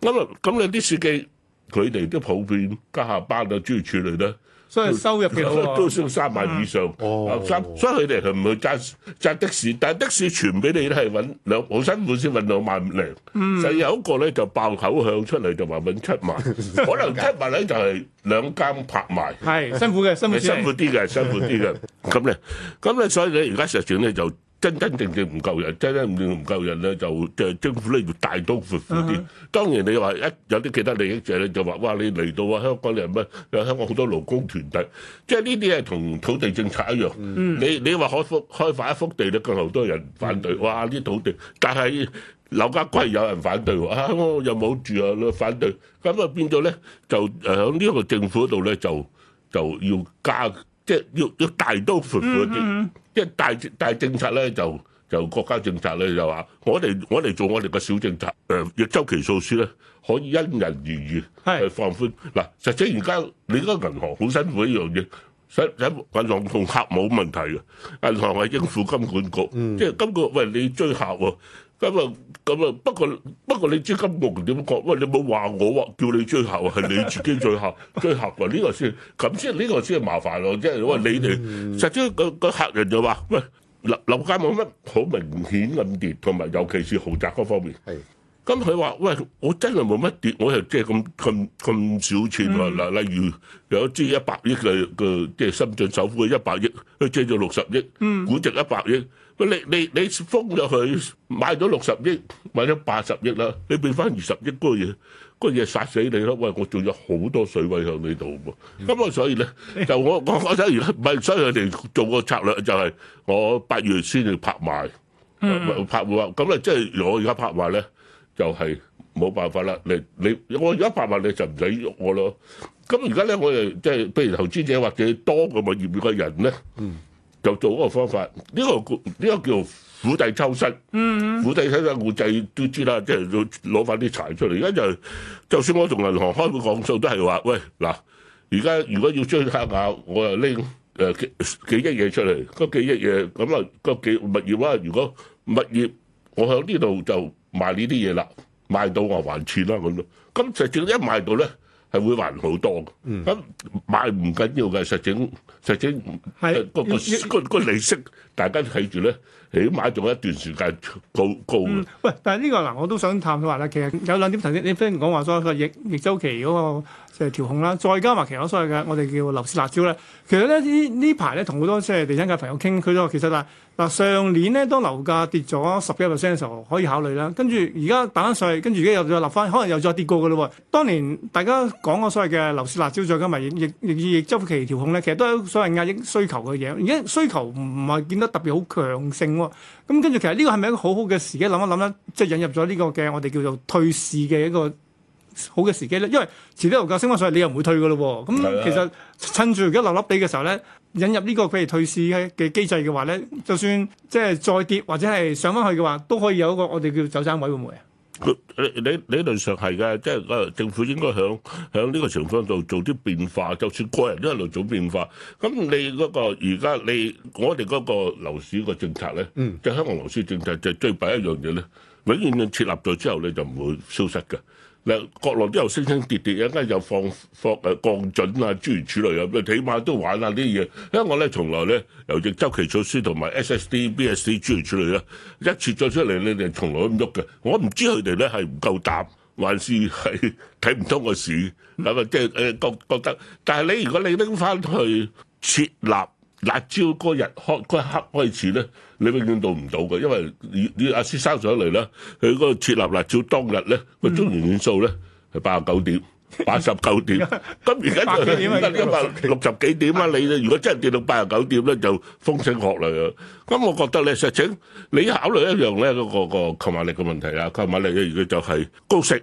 嚇。咁啊，咁有啲司機佢哋都普遍加下班啊，主要處理咧。所以收入幾好啊，都升三萬以上。哦，所以所以佢哋佢唔去揸揸的士，但係的士傳俾你都係揾兩好辛苦先揾兩萬零。嗯，就有一個咧就爆口向出嚟就話揾七萬，可能七萬咧就係兩間拍賣。係辛苦嘅，辛苦啲嘅，辛苦啲嘅。咁咧，咁咧，所以咧而家實轉咧就。真真正正唔夠人，真真正，正正唔夠人咧，就即係政府咧要大刀闊斧啲。當然你話一有啲其他利益者咧就話，哇！你嚟到啊，香港你咪有香港好多勞工團體，即係呢啲係同土地政策一樣。嗯、你你話開復開發一幅地咧，咁好多人反對，嗯、哇！啲土地，但係樓價貴有人反對，嗯、啊！我又冇住啊，反對。咁啊變咗咧，就喺呢個政府度咧就就要加，即係要要大刀闊斧啲。嗯即係大大政策咧，就就國家政策咧，就話我哋我哋做我哋個小政策，誒嘅週期數字咧，可以因人而異去是放寬。嗱，實際而家你嗰個銀行好辛苦一樣嘢，實使銀行同客冇問題嘅，銀行係應付金管局，嗯、即係金局喂你追客喎、啊。咁啊咁啊，不過不過你知金木點講？喂，你冇話我喎，叫你追客喎，係你自己追客追客喎，呢、呢個先咁先呢個先係麻煩咯，即係喂你哋、嗯、實質個個客人就話，喂樓樓價冇乜好明顯咁跌，同埋尤其是豪宅嗰方面係。咁佢話：喂，我真係冇乜跌，我又即係咁咁咁少錢喎。嗱，例如有一支一百億嘅嘅，即係深圳首富嘅一百億，佢借咗六十億，估值一百億。佢你你你封咗佢，買咗六十億，買咗八十億啦，你畀返二十億，嗰嘢嗰嘢殺死你咯。喂，我做咗好多水位喺你度喎。咁啊，所以咧就我我我所以咧，唔係所以嚟做個策略就係我八月先至拍賣，拍賣啊。咁啊，即係我而家拍賣咧。就係冇辦法啦！你你我而家八萬你就唔使喐我咯。咁而家咧，我哋即係譬如投資者或者多個物業嘅人咧，就做嗰個方法。呢個呢個叫做釜底抽薪。釜底抽薪，釜底都知啦，即係攞攞翻啲柴出嚟。而家就就算我同銀行開個講數，都係話：喂，嗱，而家如果要追黑牙，我又拎誒幾億嘢出嚟，個幾億嘢咁啊個幾物業啦。如果物業我喺呢度就。賣呢啲嘢啦，賣到我還錢啦咁咯。咁實證一賣到咧，係會還好多嘅。咁買唔緊要嘅，實證實證是、呃、個、呃、個、呃、個利息大家睇住咧，起碼仲有一段時間高高嘅、嗯。喂，但係、這、呢個嗱，我都想探話啦。其實有兩點頭先，你先講話所謂逆逆周期嗰，那個。誒調控啦，再加埋其他所謂嘅我哋叫樓市辣椒咧。其實咧呢呢排咧同好多即係地產界朋友傾，佢都話其實啊嗱上年咧當樓價跌咗十幾 percent 嘅時候可以考慮啦。跟住而家打緊稅，跟住而家又再立翻，可能又再跌過嘅嘞喎。當年大家講嗰所謂嘅樓市辣椒，再加埋亦亦亦週期調控咧，其實都係所謂壓抑需求嘅嘢。而家需求唔唔係見得特別好強盛喎。咁跟住其實呢個係咪一個好好嘅時機諗一諗咧？即係引入咗呢個嘅我哋叫做退市嘅一個。好嘅時機咧，因為遲啲樓價升翻上嚟，你又唔會退嘅咯喎。咁其實趁住而家流啲地嘅時候咧，引入呢個譬如退市嘅嘅機制嘅話咧，就算即係再跌或者係上翻去嘅話，都可以有一個我哋叫走盞位會唔會啊？佢你你理論上係嘅，即係個政府應該響響呢個情況度做啲變化。就算個人都喺度做變化，咁你嗰個而家你我哋嗰個樓市個政策咧，即係香港樓市政策就最弊一樣嘢咧，永遠設立咗之後你就唔會消失嘅。嗱，國內都有升升跌跌，一陣間又放放誒降準啊，諸如此類咁，起碼都玩下啲嘢。因為我咧從來咧由只周期措施同埋 SSD、BSD 諸如此類啊，一切再出嚟，你哋從來都唔喐嘅。我唔知佢哋咧係唔夠膽，還是係睇唔通個市，咁啊即係誒覺覺得。但係你如果你拎翻去設立辣招嗰日開嗰、那個、刻開始咧。你永遠做唔到嘅，因為你你阿師收上嚟咧，佢嗰個設立辣招當日咧，個中原指數咧係八十九點，八十九點。咁而家跌到一百六十幾點啊！你如果真係跌到八十九點咧，就風聲鶴唳啦。咁我覺得咧，實情你考慮一樣咧，嗰個個購買力嘅問題啊，購買力咧，如果就係高息。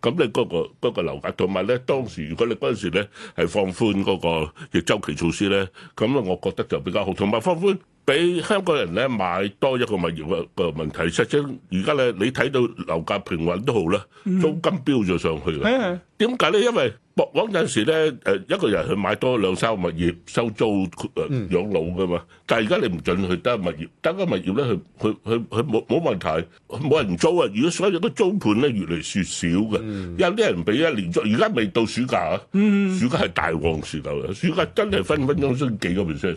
咁你嗰個嗰個樓價，同埋咧當時如果你嗰陣時咧係放寬嗰個逆周期措施咧，咁咧我覺得就比較好。同埋放寬俾香港人咧買多一個物業嘅個問題。實際而家咧你睇到樓價平穩都好啦，租金飆咗上去㗎。點解咧？因為嗰陣時咧，誒一個人去買多兩三個物業收租誒養老噶嘛，但係而家你唔準去得物業，得個物業咧，佢佢佢佢冇冇問題，冇人租啊！如果所有都租盤咧，越嚟越少嘅，有啲人俾一年租，而家未到暑假啊，暑假係大旺時候啊，暑假真係分分鐘升幾多 percent。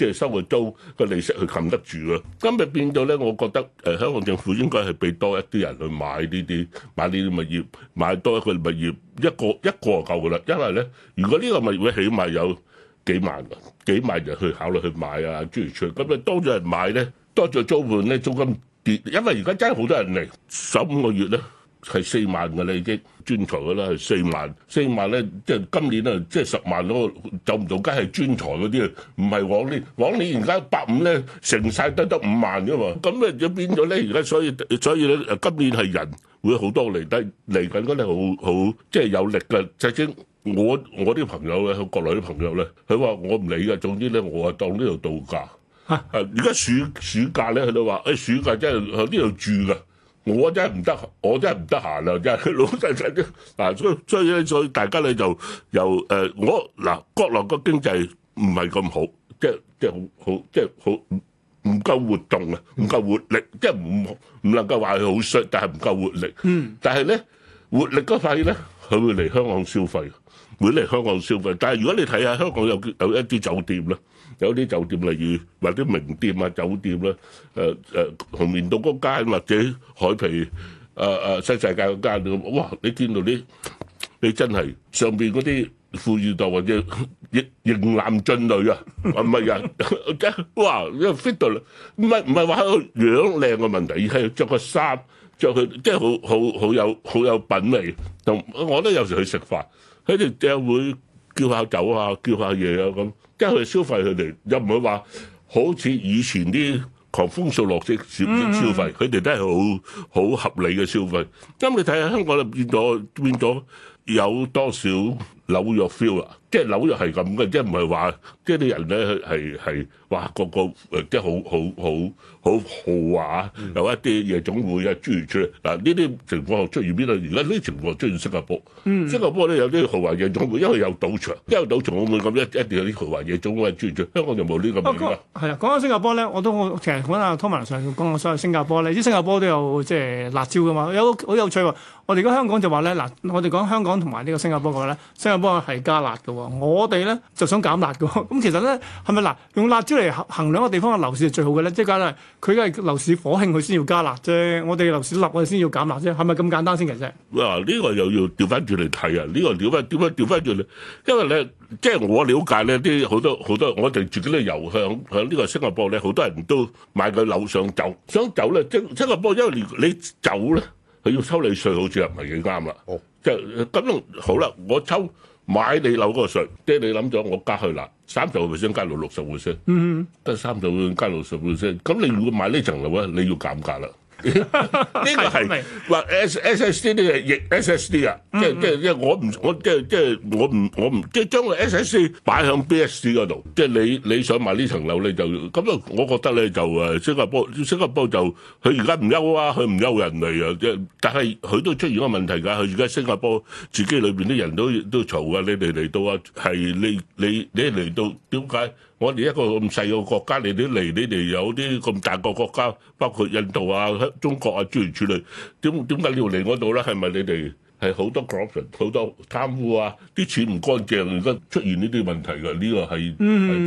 即係生活租個利息去冚得住啊，今日變到咧，我覺得誒香港政府應該係俾多一啲人去買呢啲買呢啲物業，買多一個物業一個一個就夠噶啦，因為咧，如果呢個物業起碼有幾萬，幾萬人去考慮去買啊，租嚟住。咁咪多咗人買咧，多咗租盤咧，租金跌，因為而家真係好多人嚟，十五個月咧。係四萬噶啦，已經專才噶啦，係四萬四萬咧，即係今年啊，即係十萬嗰個走唔到，梗係專才嗰啲啊，唔係往年往年而家百五咧，成晒得得五萬噶嘛，咁咧就變咗咧而家，所以所以咧，今年係人會好多嚟得嚟緊嗰啲好好即係有力嘅。即係我我啲朋友咧，國內啲朋友咧，佢話我唔理噶，總之咧，我啊當呢度度假。吓哈，而家暑暑假咧，佢都話誒，暑假真係喺呢度住噶。我真係唔得，我真係唔得閒啦，真係老細真啲嗱，所所以咧，所以大家咧就由誒，我嗱，國內個經濟唔係咁好，即係即係好好，即係好唔唔夠活動啊，唔夠活力，即係唔唔能夠話佢好衰，但係唔夠活力。嗯。但係咧，活力嗰塊咧，佢會嚟香港消費，會嚟香港消費。但係如果你睇下香港有有一啲酒店咧。有啲酒店，例如或者名店啊，酒店啦，誒誒紅棉道嗰間，或者海皮誒誒新世界嗰間咁，哇！你見到啲你真係上邊嗰啲富裕度或者型男俊女啊，唔係啊，哇！一 fit 到啦，唔係唔係話喺個樣靚嘅問題，而係著個衫著佢即係好好好有好有品味。同我都有時去食飯，佢哋又會叫下酒啊，叫下嘢啊咁。因為消費佢哋又唔會話好似以前啲狂風掃落式小額消費，佢哋、mm hmm. 都係好好合理嘅消費。咁你睇下香港就變咗變咗有多少？紐約 feel 啊，即係紐約係咁嘅，即係唔係話即係啲人咧，係係哇，個個即係好好好好豪華，有一啲夜總會啊出現。嗱呢啲情況出現邊度？而家呢啲情況出現新加坡，新加坡咧有啲豪華夜總會，因為有賭場，因為賭場，為賭場，有賭場會咁一一定有啲豪華夜總會出現香港就冇呢咁。不過係啊，講緊新加坡咧，我都其實講下湯文亮講嘅所謂新加坡咧，啲新加坡都有即係辣招嘅嘛，有好有趣喎。我哋而家香港就話咧，嗱我哋講香港同埋呢個新加坡嘅話咧，幫係加辣嘅，我哋咧就想減辣嘅。咁、嗯、其實咧係咪嗱，用辣椒嚟衡量個地方嘅樓市係最好嘅咧？即係簡單，佢而家係樓市火興，佢先要加辣啫。我哋樓市辣，我哋先要減辣啫。係咪咁簡單先其啫？嗱，呢個又要調翻轉嚟睇啊！呢、這個調翻點樣調翻轉嚟，因為咧，即係我了解咧，啲好多好多，我哋自己都由向向呢個新加坡咧，好多人都買佢樓上走，想走咧，即係新加坡，因為你，你走咧，佢要收你稅，好似唔係幾啱啦。哦、oh.，即係咁好啦，我抽。買你樓嗰個稅，爹你諗咗，我加去啦，三十 percent 加到六十 percent，嗯，得三十 percent 加六十 percent，咁你如果買呢層樓咧，你要減價啦。呢 個係話 S 嗯嗯 S D 呢？亦 S S D 啊！即即即我唔我即即我唔我唔即將個 S S D 擺響 B S D 嗰度，即，即，即，即你你想買呢層樓你就咁啊！我覺得咧就誒新加坡，新加坡就佢而家唔憂啊，佢唔憂人嚟啊！即但係佢都出現個問題㗎，佢而家新加坡自己裏邊啲人都都嘈啊！你哋嚟到啊，係你你你嚟到點解？我哋一個咁細個國家，你哋嚟，你哋有啲咁大個國家，包括印度啊、中國啊，諸如此類，點點解你要嚟我度嗰度咧？係咪你哋係好多 corruption、好多貪污啊？啲錢唔乾淨，而家出現呢啲問題㗎？呢個係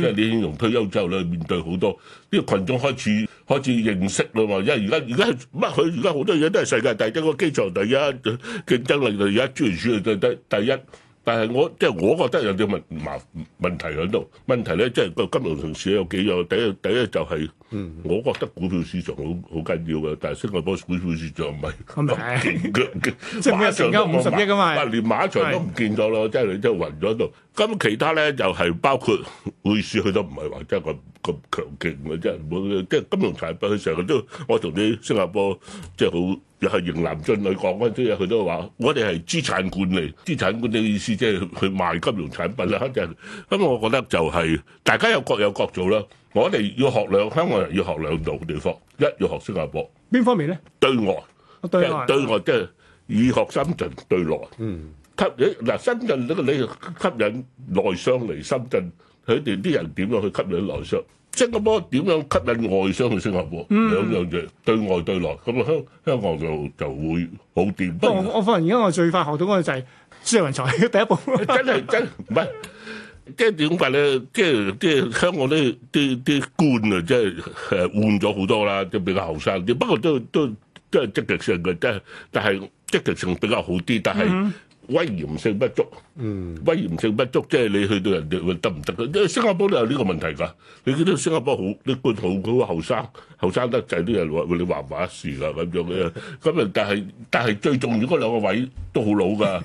即係你用退休之後咧，面對好多呢個羣眾開始開始認識啦嘛。因為而家而家乜佢而家好多嘢都係世界第一，個機場第一，競爭力第一，諸如此類第第一。但係我即係、就是、我覺得有啲問麻問題喺度，問題咧即係個金融城市有幾樣？第一第一就係，我覺得股票市場好好緊要嘅。但係新加坡股票市場唔係勁強勁，即係咩成交五十億嘅嘛？連馬場都唔見咗咯，的即係你真係暈咗喺度。咁其他咧就係、是、包括股市，佢都唔係話即係咁個強勁嘅，即係即係金融產品，佢成日都我同啲新加坡即係好，就是又係型男俊女講嗰啲嘢，佢都話：我哋係資產管理，資產管理嘅意思即係去賣金融產品啦。就咁，我覺得就係大家有各有各做啦。我哋要學兩，香港人要學兩度嘅地方，一要學新加坡。邊方面咧？對外，對外，對外，即係以學深圳對內。嗯。吸引嗱深圳嗰個你吸引內商嚟深圳，佢哋啲人點樣去吸引內商？即咁多點樣吸引外商去新加坡？嗯、兩樣嘢對外對內咁啊，香港香港就就會好掂。不過我我發現而家我最快學到嗰個就係招人才嘅第一步。 真係真唔係，即點解咧？即即，即香港啲啲啲官啊，即係換咗好多啦，即比較後生啲。不過都都都即係積極性嘅，即係但係積極性比較好啲。但係。嗯威嚴性不足，威嚴性不足，即係你去到人哋得唔得？因為新加坡都有呢個問題㗎。你見到新加坡好你官好嗰個後生，後生得滯都有話你話唔話事㗎咁樣嘅。咁啊，但係但係最重要嗰兩個位都好老㗎。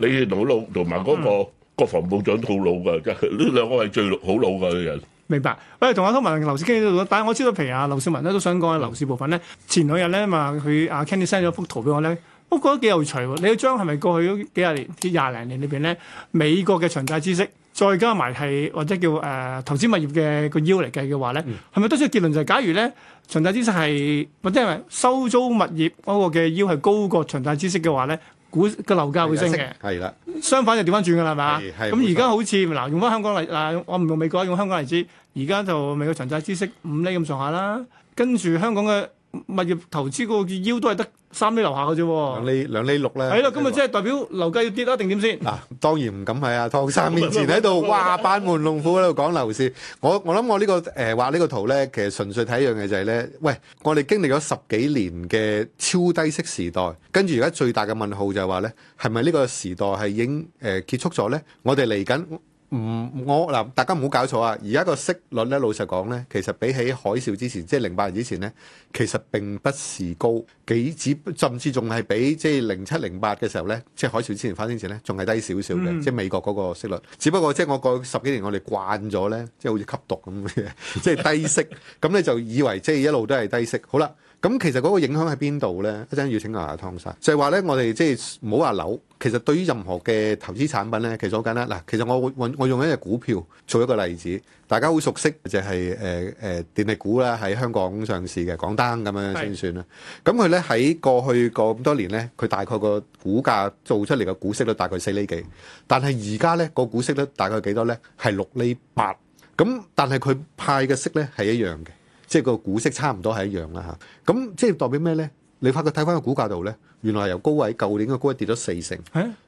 你同 老同埋嗰個國防部長好老㗎，即係呢兩個位最好老嘅人。明白。喂、哎，同阿湯文、劉少基，但係我知道譬如劉紹文咧都想講樓市部分咧。前兩日咧嘛，佢阿、啊、Kenny send 咗幅圖俾我咧。我覺得幾有趣喎！你嗰張係咪過去咗幾廿年、至廿零年裏邊咧，美國嘅長債孳息，再加埋係或者叫誒、呃、投資物業嘅個腰嚟計嘅話咧，係咪、嗯、得出結論就係、是、假如咧長債孳息係或者係收租物業嗰個嘅腰係高過長債孳息嘅話咧，股個樓價會升嘅？係啦，相反就調翻轉㗎啦，係嘛？咁而家好似嗱錯，用翻香港嚟，嗱，我唔用美國，用香港嚟知。而家就美國長債孳息五厘咁上下啦，跟住香港嘅。物業投資個腰都係得三厘樓下嘅啫，兩厘兩厘六咧，係咯的，咁啊、嗯，即係代表樓價要跌啊，定點先嗱？當然唔敢係啊, 啊，湯生面前喺度哇， 班門弄斧喺度講樓市，我我諗我呢、這個誒畫呢個圖咧，其實純粹睇一樣嘢就係、是、咧，喂，我哋經歷咗十幾年嘅超低息時代，跟住而家最大嘅問號就係話咧，係咪呢個時代係已經誒結、呃、束咗咧？我哋嚟緊。唔、嗯，我嗱，大家唔好搞錯啊！而家個息率咧，老實講咧，其實比起海嘯之前，即係零八年之前咧，其實並不是高幾，只甚至仲係比即係零七零八嘅時候咧，即係海嘯之前發生前咧，仲係低少少嘅，嗯、即係美國嗰個息率。只不過即係我過十幾年，我哋慣咗咧，即係好似吸毒咁嘅，即係低息。咁咧 就以為即係一路都係低息。好啦，咁其實嗰個影響喺邊度咧？一陣要請教下湯生，就係話咧，我哋即係冇話樓。其實對於任何嘅投資產品咧，其實好簡單。嗱，其實我我我用一隻股票做一個例子，大家好熟悉就係誒誒電力股啦，喺香港上市嘅港燈咁樣先算啦。咁佢咧喺過去個咁多年咧，佢大概個股價做出嚟嘅股息率大概四厘幾，但係而家咧個股息率大概幾多咧？係六厘八。咁但係佢派嘅息咧係一樣嘅，即係個股息差唔多係一樣啦嚇。咁即係代表咩咧？你發覺睇翻個股價度咧，原來由高位，舊年嘅高位跌咗四成，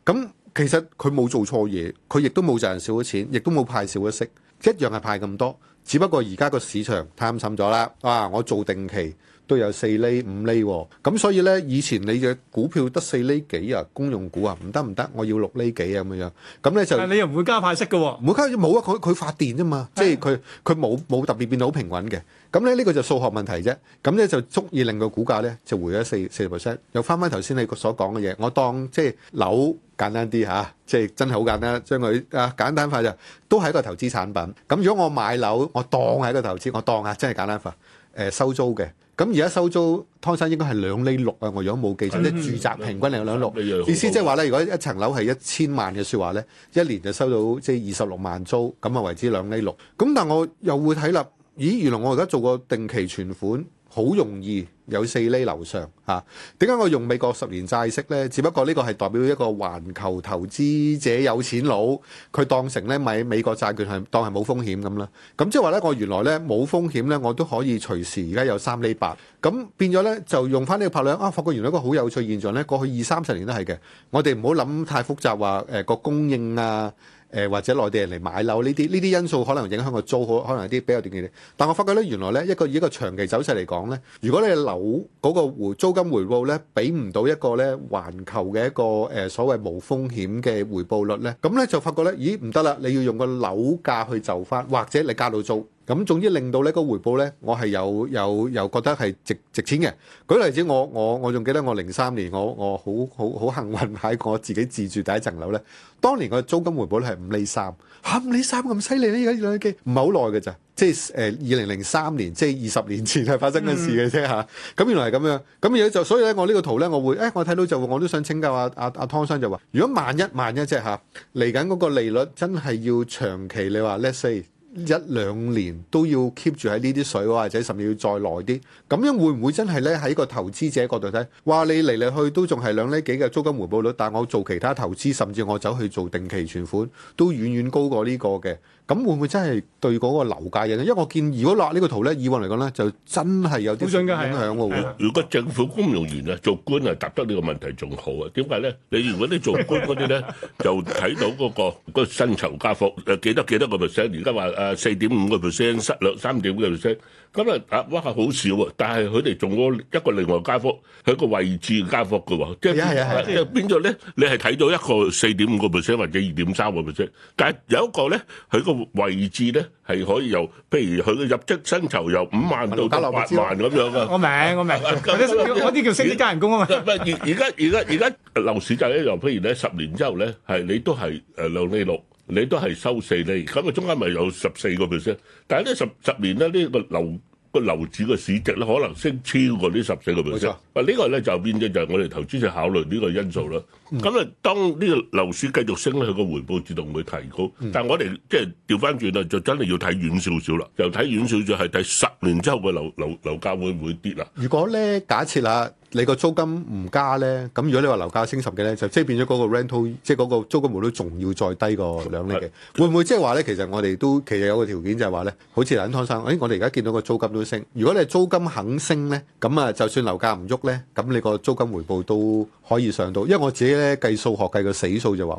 咁的、嗯、其實佢冇做錯嘢，佢亦都冇賺少咗錢，亦都冇派少咗息，一樣係派咁多，只不過而家個市場貪心咗啦，啊，我做定期。都有四厘五厘，咁所以咧，以前你嘅股票得四厘幾啊，公用股啊，唔得唔得，我要六厘幾咁樣樣，咁咧就但係你又唔會加快息嘅喎，唔會加冇啊，佢佢發電啫嘛，即係佢佢冇冇特別變到好平穩嘅，咁咧呢個就數學問題啫，咁咧就足以令個股價咧就回咗四四十 percent，又翻翻頭先你所講嘅嘢，我當即係樓簡單啲嚇，即係真係好簡單，將佢啊簡單化就都係一個投資產品，咁如果我買樓，我當係一個投資，我當啊真係簡單化，誒收租嘅。咁而家收租，湯生應該係兩厘六啊！我如果冇記錯，即係住宅平均係兩六。意思即係話咧，如果一層樓係一千萬嘅説話咧，一年就收到即係二十六萬租，咁啊為之兩厘六。咁但我又會睇落，咦？原來我而家做過定期存款。好容易有四厘樓上嚇，點、啊、解我用美國十年債息呢？只不過呢個係代表一個環球投資者有錢佬，佢當成呢買美國債券係當係冇風險咁啦。咁即係話呢，我原來呢冇風險呢，我都可以隨時而家有三厘八咁、啊、變咗呢，就用翻呢個拍量啊。發覺原來一個好有趣現象呢，過去二三十年都係嘅。我哋唔好諗太複雜話誒個供應啊。誒、呃、或者內地人嚟買樓呢啲呢啲因素，可能影響個租好，可能係啲比較短嘅。但我發覺呢，原來呢一個以一個長期走勢嚟講呢，如果你樓嗰，那個回租金回報呢，畀唔到一個呢環球嘅一個誒、呃、所謂無風險嘅回報率呢，咁呢就發覺呢，咦唔得啦，你要用個樓價去就翻，或者你加到租。咁總之令到呢個回報呢，我係有有有覺得係值值錢嘅。舉例子，我我我仲記得我零三年，我我好好好幸運喺我自己自住第一層樓呢，當年個租金回報咧係五厘三、啊，嚇五厘三咁犀利呢，而家兩千幾，唔係好耐嘅咋，即係二零零三年，即係二十年前係發生嘅事嘅啫嚇。咁、嗯、原來係咁樣，咁嘢就所以呢，我呢個圖呢，我會誒、哎、我睇到就我都想請教下阿阿湯生就話：如果萬一萬一隻嚇嚟緊嗰個利率真係要長期，你話 Let's say。一兩年都要 keep 住喺呢啲水，或者甚至要再耐啲，咁樣會唔會真係咧喺個投資者角度睇，話你嚟嚟去都仲係兩厘幾嘅租金回報率，但係我做其他投資，甚至我走去做定期存款都遠遠高過呢、這個嘅，咁會唔會真係對嗰個樓價嘅？因為我見如果落呢個圖咧，以往嚟講咧就真係有啲影響喎。如果政府公務員啊做官啊答得呢個問題仲好啊，點解咧？你如果你做官嗰啲咧就睇到嗰、那個薪酬加幅誒幾多幾多，我咪寫而家話。誒，四點五個 percent，失兩三點五個 percent，咁啊啊哇係好少喎！但係佢哋仲嗰一個另外加幅，係一個位置加幅㗎喎。即係邊度咧？你係睇到一個四點五個 percent 或者二點三個 percent，但係有一個咧，佢個位置咧係可以由，譬如佢嘅入職薪酬由五萬到八萬咁樣啊。我明我明，嗰啲叫嗰啲叫升職加人工啊嘛。唔係而而家而家而家樓市就一樣，譬如咧十年之後咧，係你都係誒兩釐六。你都係收四厘，咁啊中間咪有十四個 percent，但係呢十十年咧，呢個樓個樓市嘅市值咧，可能升超過錯呢十四個 percent。冇錯，嗱呢個咧就係、變咗就係、係、我哋投資者考慮呢個因素啦。咁啊、嗯、當呢個樓市繼續升，佢個回報自動會提高。嗯、但係我哋即係調翻轉啦，就真係要睇遠少少啦。就睇遠少少係睇十年之後嘅樓樓樓價會唔會跌啊？如果咧假設啦。你個租金唔加咧，咁如果你話樓價升十幾咧，就即係變咗嗰個 rental，即係嗰個租金回報仲要再低過兩厘嘅。的會唔會即係話咧？其實我哋都其實有個條件就係話咧，好似林湯生，誒、哎、我哋而家見到個租金都升，如果你係租金肯升咧，咁啊就算樓價唔喐咧，咁你個租金回報都可以上到，因為我自己咧計數學計個死數就話，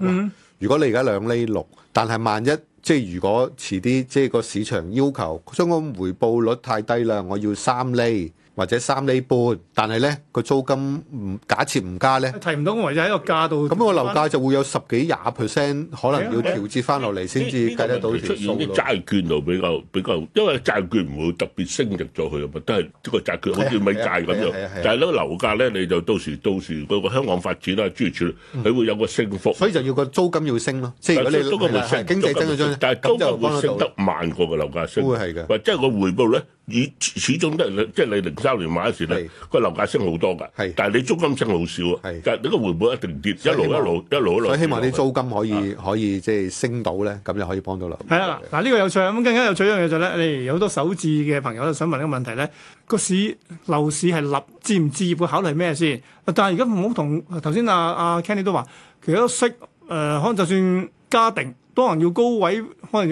如果你而家兩厘六，但係萬一即係、就是、如果遲啲即係個市場要求租金回報率太低啦，我要三厘。」或者三厘半，但係咧個租金唔假設唔加咧，提唔到，或者喺個價度咁，個樓價就會有十幾廿 percent、嗯嗯、可能要調節翻落嚟先至計得到條數出現啲債券就比較比較，比較因為債券唔會特別升值咗佢。啊嘛，都係呢個債券好似咪債咁樣。但係咧樓價咧，你就到時到時，到時，到時，到時個香港發展啦，諸如此類，你會有個升幅、嗯。所以就要個租金要升咯，即係你但租金會升，租金、啊、但係租金會升會得慢過個樓價升，會係嘅。喂，即係個回報咧？以始始終都即係你零三年買嗰時咧，個樓價升好多㗎，是但係你租金升好少啊。是但係你個回報一定跌，一路一路一路一路。所以希望啲租金可以、啊、可以即係升到咧，咁就可以幫到樓。係啊嗱，嗱、這、呢個有趣咁，更加有趣一樣嘢就咧、是，你有好多首置嘅朋友就想問一個問題咧，個市樓市係立置唔置業會考慮咩先？但係而家唔好同頭先阿阿 Kenny 都話，其實息誒、呃、可能就算加定，都可能要高位，可能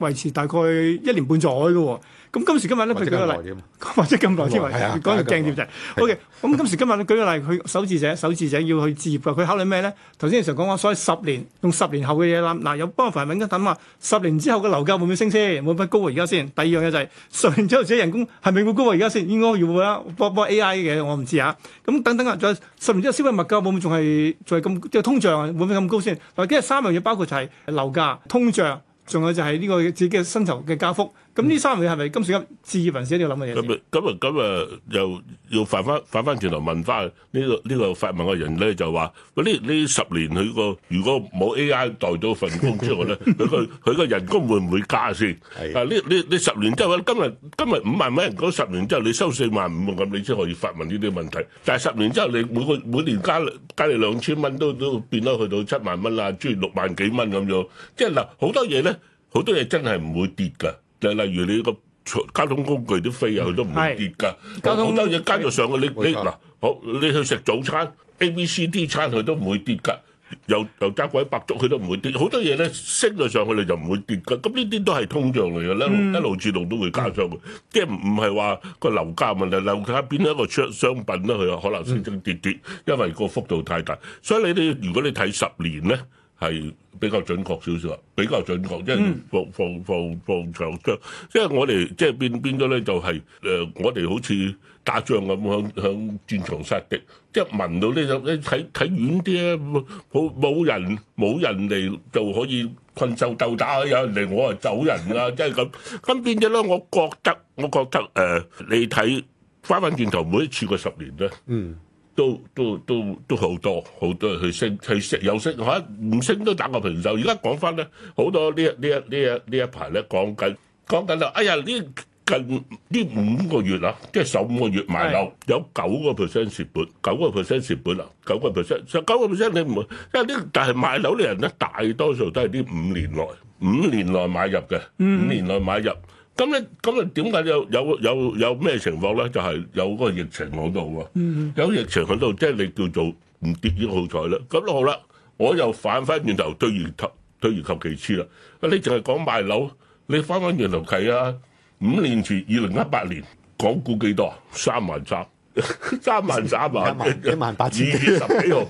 要維持大概一年半載嘅喎。咁今時今日咧，佢舉個例，或者咁耐之話，講得正啲就係。O.K.，咁今時今日舉個例，佢首置者首置者要去置業嘅，佢考慮咩咧？頭先你成日講話，所謂十年用十年後嘅嘢啦。嗱，有幫份問一等話，十年之後嘅樓價會唔會升先？會唔會高而家先？第二樣嘢就係、是、十年之後自己工人工係咪會高而家先應該要唔會啦。博博 A.I. 嘅我唔知嚇、啊。咁等等啊，仲有十年之後消費物價會唔會仲係仲係咁即係通脹啊？會唔會咁高先？嗱，即係三樣嘢包括就係樓價、通脹，仲有就係呢個自己嘅薪酬嘅加幅。咁呢三樣嘢係咪今時今置業人士都要諗嘅嘢？咁啊咁啊咁啊，又要反翻反翻轉頭問翻呢個呢個發問嘅人咧，就話：喂，呢呢十年佢個如果冇 AI 代咗份工之後咧，佢個佢個人工會唔會加先？係啊！呢呢呢十年之後，今日今日五萬蚊人工，十年之後你收四萬五咁，你先可以發問呢啲問題。但係十年之後，你每個每年加加你兩千蚊，都都變咗去到七萬蚊啦，至於六萬幾蚊咁樣。即係嗱，好多嘢咧，好多嘢真係唔會跌㗎。就例如你個交通工具啲飛啊，佢都唔會跌㗎。好多嘢加咗上去，呢呢嗱，好你去食早餐 A B C D 餐，佢都唔會跌㗎。油油炸鬼白粥，佢都唔會跌。好多嘢咧升咗上去咧就唔會跌㗎。咁呢啲都係通脹嚟㗎啦，一路自動都會加上去。即係唔係話個樓價問題，樓價變咗一個商商品啦，佢可能升升跌跌，因為個幅度太大。所以你哋如果你睇十年咧？係比較準確少少啊，比較準確，即係放、嗯、放放放長槍，即係我哋即係變變咗咧，就係、是、誒、呃，我哋好似打仗咁，向向戰場殺敵，即係聞到呢就咧睇睇遠啲咧，冇冇人冇人嚟就可以困獸鬥打，有人嚟我啊走人啦、啊，即係咁。咁變咗咧，我覺得我覺得誒、呃，你睇翻返轉頭每一次個十年咧。嗯都都都都好多好多人去升去升有升嚇唔升都打個平手。而家講翻咧，好多一一一一呢一呢一呢一呢一排咧講緊講緊啦。哎呀呢近呢五個月啦、啊，即係十五個月買樓是有九個 percent 蝕本，九個 percent 蝕本啊，九個 percent，十九個 percent 你唔會因為呢，但係買樓嘅人咧大多數都係呢五年內五年內買入嘅，五年內買、嗯、買入。咁咧，咁啊，點解有有有有咩情況咧？就係有個疫情喺度喎，有疫情喺度，即係你叫做唔跌就好彩啦。咁都好啦，我又反翻轉頭對圓及對圓球其次啦。啊，你淨係講賣樓？你翻翻原來睇啊，五年前二零一八年，港股幾多啊？三萬三，三萬三啊，一 萬八千幾，二十幾毫，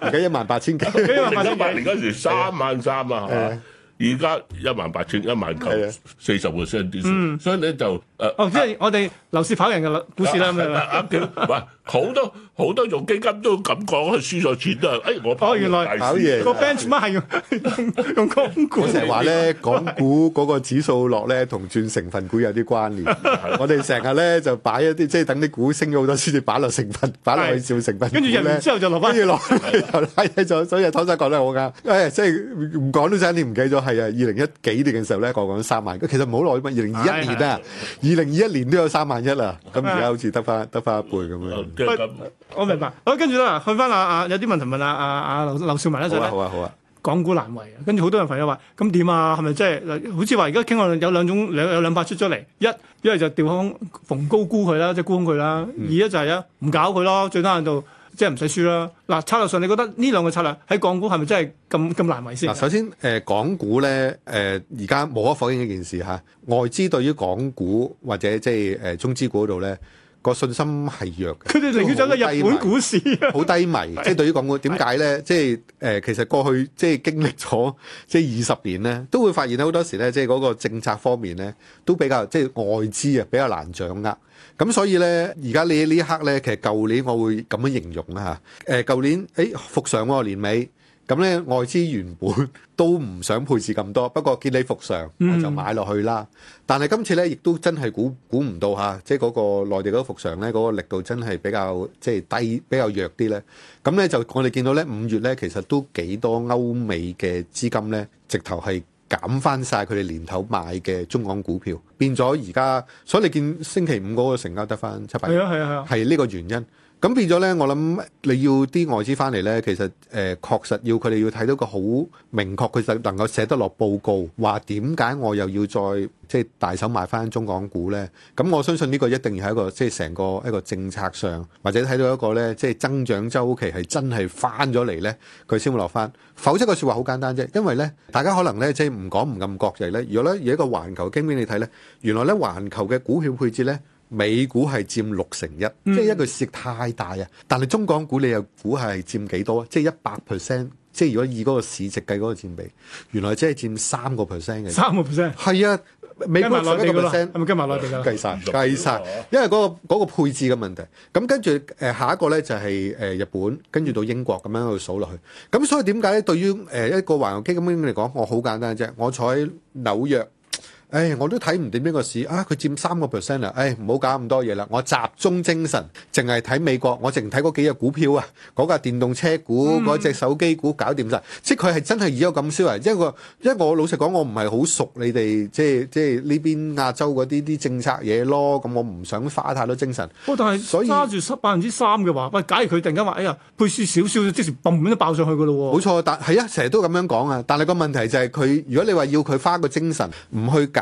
而家一萬八千幾。二零一八年嗰時三萬三啊，係 嘛？ 100, 000, 000, 000, 000. 100, 而家一萬八千、一萬九、四十個 percent，所以咧就、uh, 哦，uh, 即係我哋樓市跑贏嘅股市啦，咁樣啊，唔係好多。好多用基金都咁講，輸咗錢啊！哎，我怕搞嘢。個 benchmark 係用用港股？我成日話咧，港股嗰個指數落咧，同轉成分股有啲關聯。我哋成日咧就擺一啲，即係等啲股升咗好多先至擺落成分，擺落去照成分。跟住之後之後就落翻住落。拉低咗，所以坦白講得好啱。誒，即係唔講都真你唔記得咗，係啊，二零一幾年嘅時候咧，個個三萬。其實唔好耐，二零二一年啊，二零二一年都有三萬一啦。咁而家好似得翻得翻一倍咁樣。我明白，好，跟住咧，去翻阿阿有啲問題問阿阿阿劉劉紹文一陣啦。好啊好啊，港股難為，跟住好多人朋友話：咁、嗯、點啊？係咪即係好似話而家傾我有兩種兩有兩法出咗嚟？一，一係就調控逢高沽佢啦，即、就、係、是、沽空佢啦；嗯、二一就係咧唔搞佢咯，最低限度即係唔使輸啦。嗱，策略上你覺得呢兩個策略喺港股係咪真係咁咁難為先？嗱、呃，首先誒港股咧誒而家無可否認一件事嚇、啊，外資對於港股或者即係誒、呃呃呃呃、中資股嗰度咧。呢個信心係弱嘅，佢哋寧願走個日本股市好、啊、 低迷。即係 對於港股點解咧？即係誒，其實過去即係、就是、經歷咗即係二十年咧，都會發現咧好多時咧，即係嗰個政策方面咧，都比較即係、就是、外資啊比較難掌握。咁所以咧，而家你呢一刻咧，其實舊年我會咁樣形容啦嚇。誒、呃、舊年誒、哎、復上喎、啊、年尾。咁咧，外資原本都唔想配置咁多，不過見你復常我就買落去啦。嗯、但係今次咧，亦都真係估估唔到吓，即係嗰個內地嗰個復常咧，嗰、嗰個力度真係比較即係低比較弱啲咧。咁咧就我哋見到咧，五月咧其實都幾多歐美嘅資金咧，直頭係減翻晒佢哋年頭買嘅中港股票，變咗而家。所以你見星期五嗰個成交得翻七百，係啊係啊係啊，係呢、啊啊、個原因。咁變咗咧，我諗你要啲外資翻嚟咧，其實誒確實要佢哋要睇到個好明確，佢哋能夠寫得落報告，話點解我又要再即係大手買翻中港股咧？咁我相信呢個一定要喺一個即係成個一個政策上，或者睇到一個咧即係增長週期係真係翻咗嚟咧，佢先會落翻。否則個説話好簡單啫，因為咧大家可能咧即係唔講唔咁國際咧，如果咧而一個環球嘅經典你睇咧，原來咧環球嘅股票配置咧。美股係佔六成一、嗯，即係一個市值太大啊！但係中港股你又估係佔幾多啊？即係一百 percent，即係如果以嗰個市值計嗰個佔比，原來只係佔三個 percent 嘅。三個 percent 係啊，美股一個 percent，係咪加埋落嚟計曬，計曬，因為嗰、嗰個嗰個配置嘅問題。咁跟住誒下一個咧就係、是、誒、呃、日本，跟住到英國咁樣去數落去。咁、嗯、所以點解咧？對於誒一個環球基金嚟講，我好簡單啫。我坐喺紐約。誒，我都睇唔掂呢個市啊！佢佔三個 percent 啊。誒，唔好搞咁多嘢啦，我集中精神，淨係睇美國，我淨睇嗰幾隻股票啊，嗰、那、架、個、電動車股，嗰隻、嗯、手機股搞掂晒。即係佢係真係以一咁消為，因為因為我老實講，我唔係好熟你哋，即係即係呢邊亞洲嗰啲啲政策嘢咯。咁我唔想花太多精神。不過但係是揸以住百分之三嘅話，喂，假如佢突然間話，哎呀，配置少，少少，即時嘣都爆上去嘅咯喎。冇錯，但係啊，成日都咁樣講啊。但係個問題就係、是、佢，如果你話要佢花個精神唔去搞。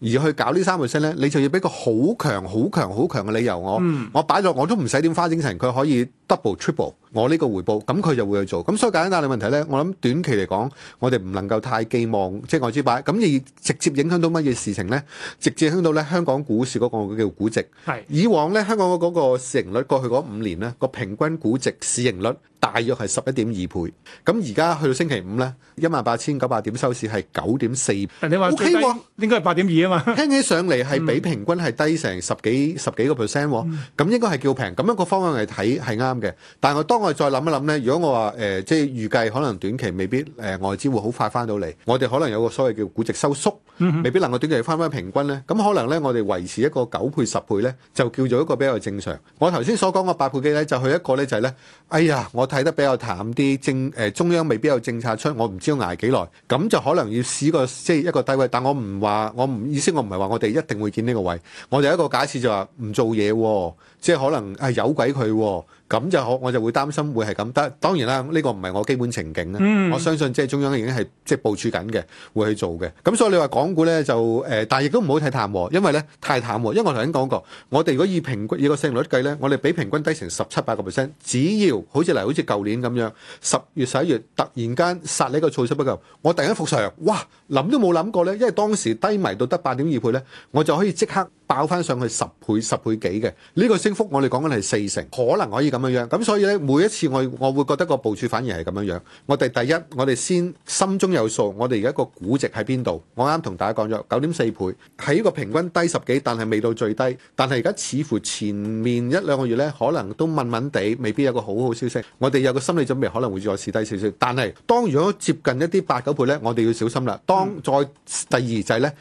而去搞呢三 percent 咧，你就要俾個好強、好強、好強嘅理由我，嗯、我擺落我都唔使點花精神，佢可以 double、triple 我呢個回報，咁佢就會去做。咁所以簡單嘅問題咧，我諗短期嚟講，我哋唔能夠太寄望即係外資擺。咁而直接影響到乜嘢事情咧？直接影響到咧香港股市嗰個叫估值。係是以往咧香港嗰個市盈率過去嗰五年呢，個平均估值市盈率大約係十一點二倍。咁而家去到星期五咧，一萬八千九百點收市係九點四。你話 O K 喎，okay, 我應該係八點二啊。聽起上嚟係比平均係低成十幾十幾個 percent，咁應該係叫平。咁樣個方向嚟睇係啱嘅。但係我當我再諗一諗咧，如果我話誒，即係預計可能短期未必誒外資會好快翻到嚟，我哋可能有個所謂叫估值收縮，未必能夠短期翻翻平均咧。咁可能咧，我哋維持一個九倍十倍咧，就叫做一個比較正常。我頭先所講個八倍幾咧，就係一個咧就係咧，哎呀，我睇得比較淡啲政誒中央未必有政策出，我唔知要挨幾耐，咁就可能要試個即係一個低位，但我唔話我唔。意思我唔係話我哋一定會見呢個位，我哋一個解釋就話唔做嘢喎、哦。即係可能係有鬼佢、哦，咁就我我就會擔心會係咁。得。係當然啦，呢、這個唔係我基本情景啦。嗯、我相信即係中央已經係即係部署緊嘅，會去做嘅。咁所以你話港股咧就誒、呃，但係亦都唔好太淡喎，因為咧太淡喎。因為我頭先講過，我哋如果以平均以個勝率計咧，我哋比平均低成十七八個 percent。只要好似嚟好似舊年咁樣，十月十一月突然間殺呢個措施不夠，我突然間復常，哇諗都冇諗過咧，因為當時低迷到得八點二倍咧，我就可以即刻。爆翻上去十倍十倍幾嘅呢個升幅，我哋講緊係四成，可能可以咁樣樣。咁所以咧，每一次我我會覺得個部署反而係咁樣樣。我哋第一，我哋先心中有數，我哋而家個估值喺邊度？我啱同大家講咗九點四倍，喺個平均低十幾，但係未到最低。但係而家似乎前面一兩個月咧，可能都悶悶哋，未必有個好好消息。我哋有個心理準備可能會再試低少少。但係當如果接近一啲八九倍咧，我哋要小心啦。當再第二就係咧，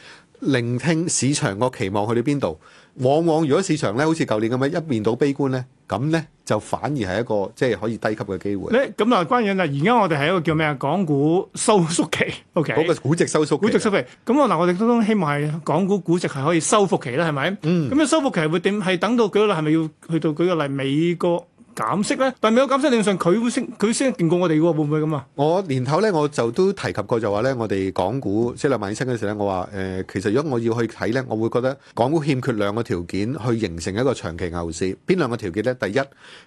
聆聽市場個期望去到邊度，往往如果市場咧好似舊年咁樣一面倒悲觀咧，咁咧就反而係一個即係可以低級嘅機會。咧咁嗱，關於就而家我哋係一個叫咩啊？港股收縮期，OK？嗰個估值收縮期，估值收縮期。咁我嗱，我哋都希望係港股估值係可以收復期啦，係咪？嗯。咁嘅收復期係會點？係等到舉例係咪要去到舉個例美國？減息咧，但係未有減息，理論上佢會升，佢先見過我哋嘅，會唔會咁啊？我年頭咧，我就都提及過就呢，就話、是、咧，我哋港股即係兩萬一嘅時候咧，我話誒，其實如果我要去睇咧，我會覺得港股欠缺兩個條件去形成一個長期牛市。邊兩個條件咧？第一，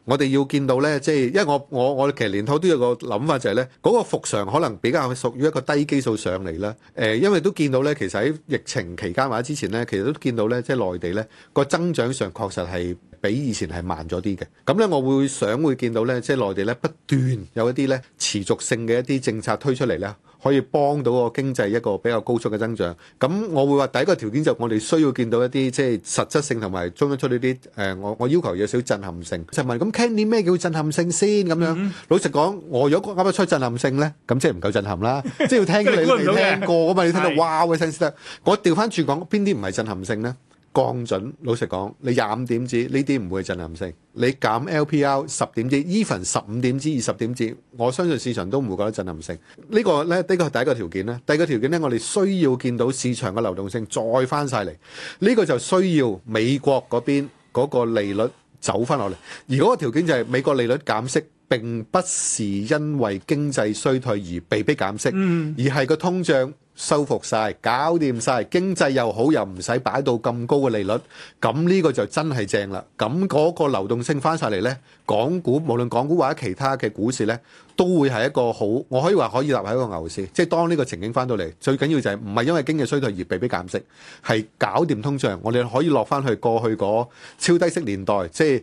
我哋要見到咧，即係因為我我我其實年頭都有個諗法就係咧，嗰、那個復常可能比較屬於一個低基數上嚟啦。誒、呃，因為都見到咧，其實喺疫情期間或者之前咧，其實都見到咧，即係內地咧個增長上確實係比以前係慢咗啲嘅。咁咧，我會。會想會見到咧，即係內地咧不斷有一啲咧持續性嘅一啲政策推出嚟咧，可以幫到個經濟一個比較高速嘅增長。咁我會話第一個條件就我哋需要見到一啲即係實質性同埋中央出呢啲誒，我、呃、我要求有少少震撼性。就是、問咁傾啲咩叫震撼性先咁樣？嗯嗯，老實講，我如果啱啱出震撼性咧，咁即係唔夠震撼啦，呵呵，即係要聽你哋聽過啊嘛？你聽到的哇嘅聲先。我調翻轉講邊啲唔係震撼性咧？悉降準，老實講，你廿五點子，呢啲唔會係震撼性。你減 LPR 十點子，even 十五點子二十點子，我相信市場都唔會覺得震撼性。呢個、呢、呢個咧，呢個係第一個條件呢，第二個條件呢，我哋需要見到市場嘅流動性再翻晒嚟。呢、呢個就需要美國嗰邊嗰個利率走翻落嚟。而嗰個條件就係美國利率減息並不是因為經濟衰退而被逼減息，嗯、而係個通脹。收復曬，搞掂曬，經濟又好，又唔使擺到咁高嘅利率，咁呢個就真係正啦。咁嗰個流動性翻曬嚟呢，港股無論港股或者其他嘅股市呢，都會係一個好，我可以話可以立喺一個牛市。即係當呢個情景翻到嚟，最緊要就係唔係因為經濟衰退而被逼減息，係搞掂通脹，我哋可以落翻去過去嗰超低息年代，即係誒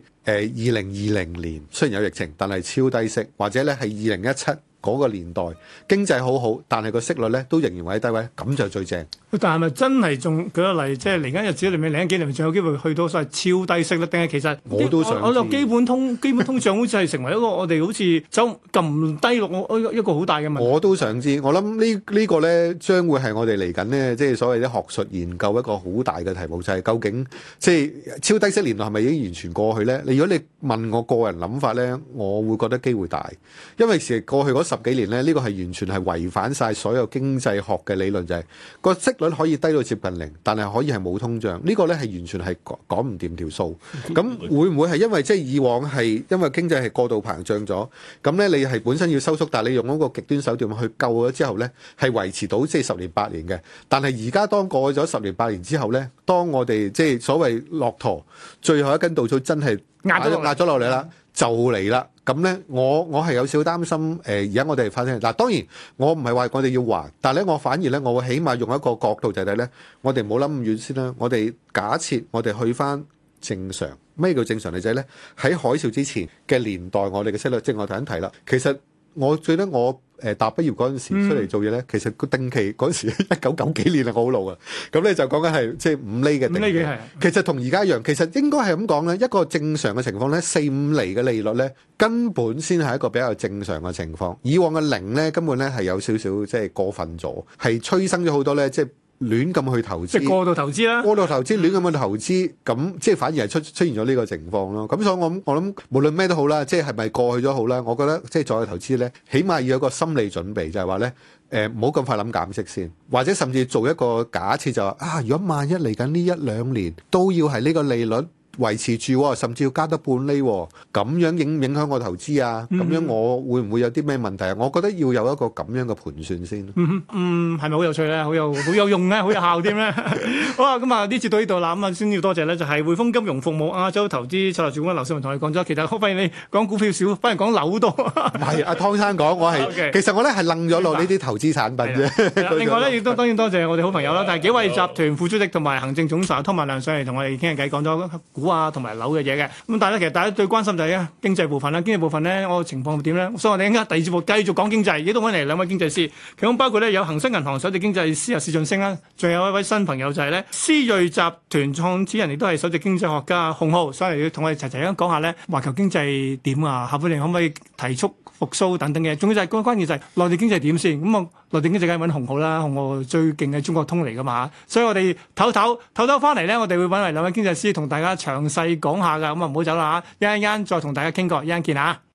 二零二零年，雖然有疫情，但係超低息，或者呢係二零一七。嗰個年代經濟好好，但係個息率咧都仍然維喺低位，咁就最正。但係咪真係仲舉個例，即係嚟緊日子裡面零幾年仲有機會去到所謂超低息率？定係其實我都想我就我基本通 基本通脹好似係成為一個我哋好似走咁低落，一個好大嘅問題。我都想知，我諗、這個、呢呢個咧將會係我哋嚟緊呢，即、就、係、是、所謂啲學術研究一個好大嘅題目，就係、是、究竟即係、就是、超低息年代係咪已經完全過去咧？你如果你問我個人諗法咧，我會覺得機會大，因為事實過去嗰十。十幾年咧，呢個係完全係違反晒所有經濟學嘅理論，就係個息率可以低到接近零，但係可以係冇通脹。呢個咧係完全係講唔掂條數。咁會唔會係因為即係以往係因為經濟係過度膨脹咗，咁咧你係本身要收縮，但係你用嗰個極端手段去救咗之後咧，係維持到即係十年八年嘅。但係而家當過去咗十年八年之後咧，當我哋即係所謂駱駝最後一根稻草真係壓咗壓咗落嚟啦，就嚟啦。咁咧，我我係有少擔心，誒、呃，而家我哋發生。嗱，當然我唔係話我哋要還，但係咧，我反而咧，我會起碼用一個角度就係睇咧，我哋唔好諗咁遠先啦。我哋假設我哋去翻正常，咩叫正常嚟睇咧？喺、就是、海嘯之前嘅年代，我哋嘅息率，即係我頭先提啦，其實。我記得我誒大、呃、畢業嗰陣時出嚟做嘢咧，嗯、其實個定期嗰陣時一九九幾年啊，我好老啊，咁咧就講緊係即係五厘嘅定期。 就是、定期其實同而家一樣，其實應該係咁講咧，一個正常嘅情況咧，四五厘嘅利率咧，根本先係一個比較正常嘅情況。以往嘅零咧，根本咧係有少少即係過分咗，係催生咗好多咧即係。即係亂咁去投資，即過度投資啦。過度投資亂咁去投資，咁即係反而係出出現咗呢個情況咯。咁所以我我諗無論咩都好啦，即係係咪過去咗好啦？我覺得即係再投資咧，起碼要有一個心理準備，就係話咧，誒唔好咁快諗減息先，或者甚至做一個假設就，就話啊，如果萬一嚟緊呢一兩年都要係呢個利率。維持住、哦，甚至要加得半厘、哦，咁樣影唔影響我投資啊？咁樣我會唔會有啲咩問題啊？我覺得要有一個咁樣嘅盤算先、啊嗯。嗯，係咪好有趣咧？好有好有用咧？好有效添咧？ 好啊！咁啊，呢次到呢度啦，咁啊，先要多謝咧，就係匯豐金融服務亞洲投資策略主管劉紹文同你講咗。其實好發現你講股票少，反而講樓多。係 啊，湯生講，我係 Okay. 其實我咧係愣咗落呢啲投資產品啫吧。 另外咧，亦都當然多謝我哋好朋友啦， 但係幾位集團副主席同埋行政總裁湯文亮上嚟同我哋傾下偈，講咗啊，同埋樓嘅嘢嘅，咁但係咧，其實大家最關心就係咧經濟部分啦。經濟部分咧，我情況點咧？所以我哋而家第二節目繼續講經濟。亦都揾嚟兩位經濟師，其中包括咧有恒生銀行首席經濟師啊，史俊升啦，仲有一位新朋友就係咧思睿集團創始人，亦都係首席經濟學家洪浩。所以要同我哋齊齊講下咧，環球經濟點啊？下半年可唔可以提速？復甦等等嘅，總之就係個關鍵就係內地經濟點先。咁啊，內地經濟梗係揾洪浩啦，洪浩我最勁嘅中國通嚟噶嘛，所以我哋唞唞唞唞翻嚟咧，我哋會揾嚟兩位經濟師同大家詳細講下噶。咁啊，唔好走啦嚇，一陣間再同大家傾過，一陣間見嚇。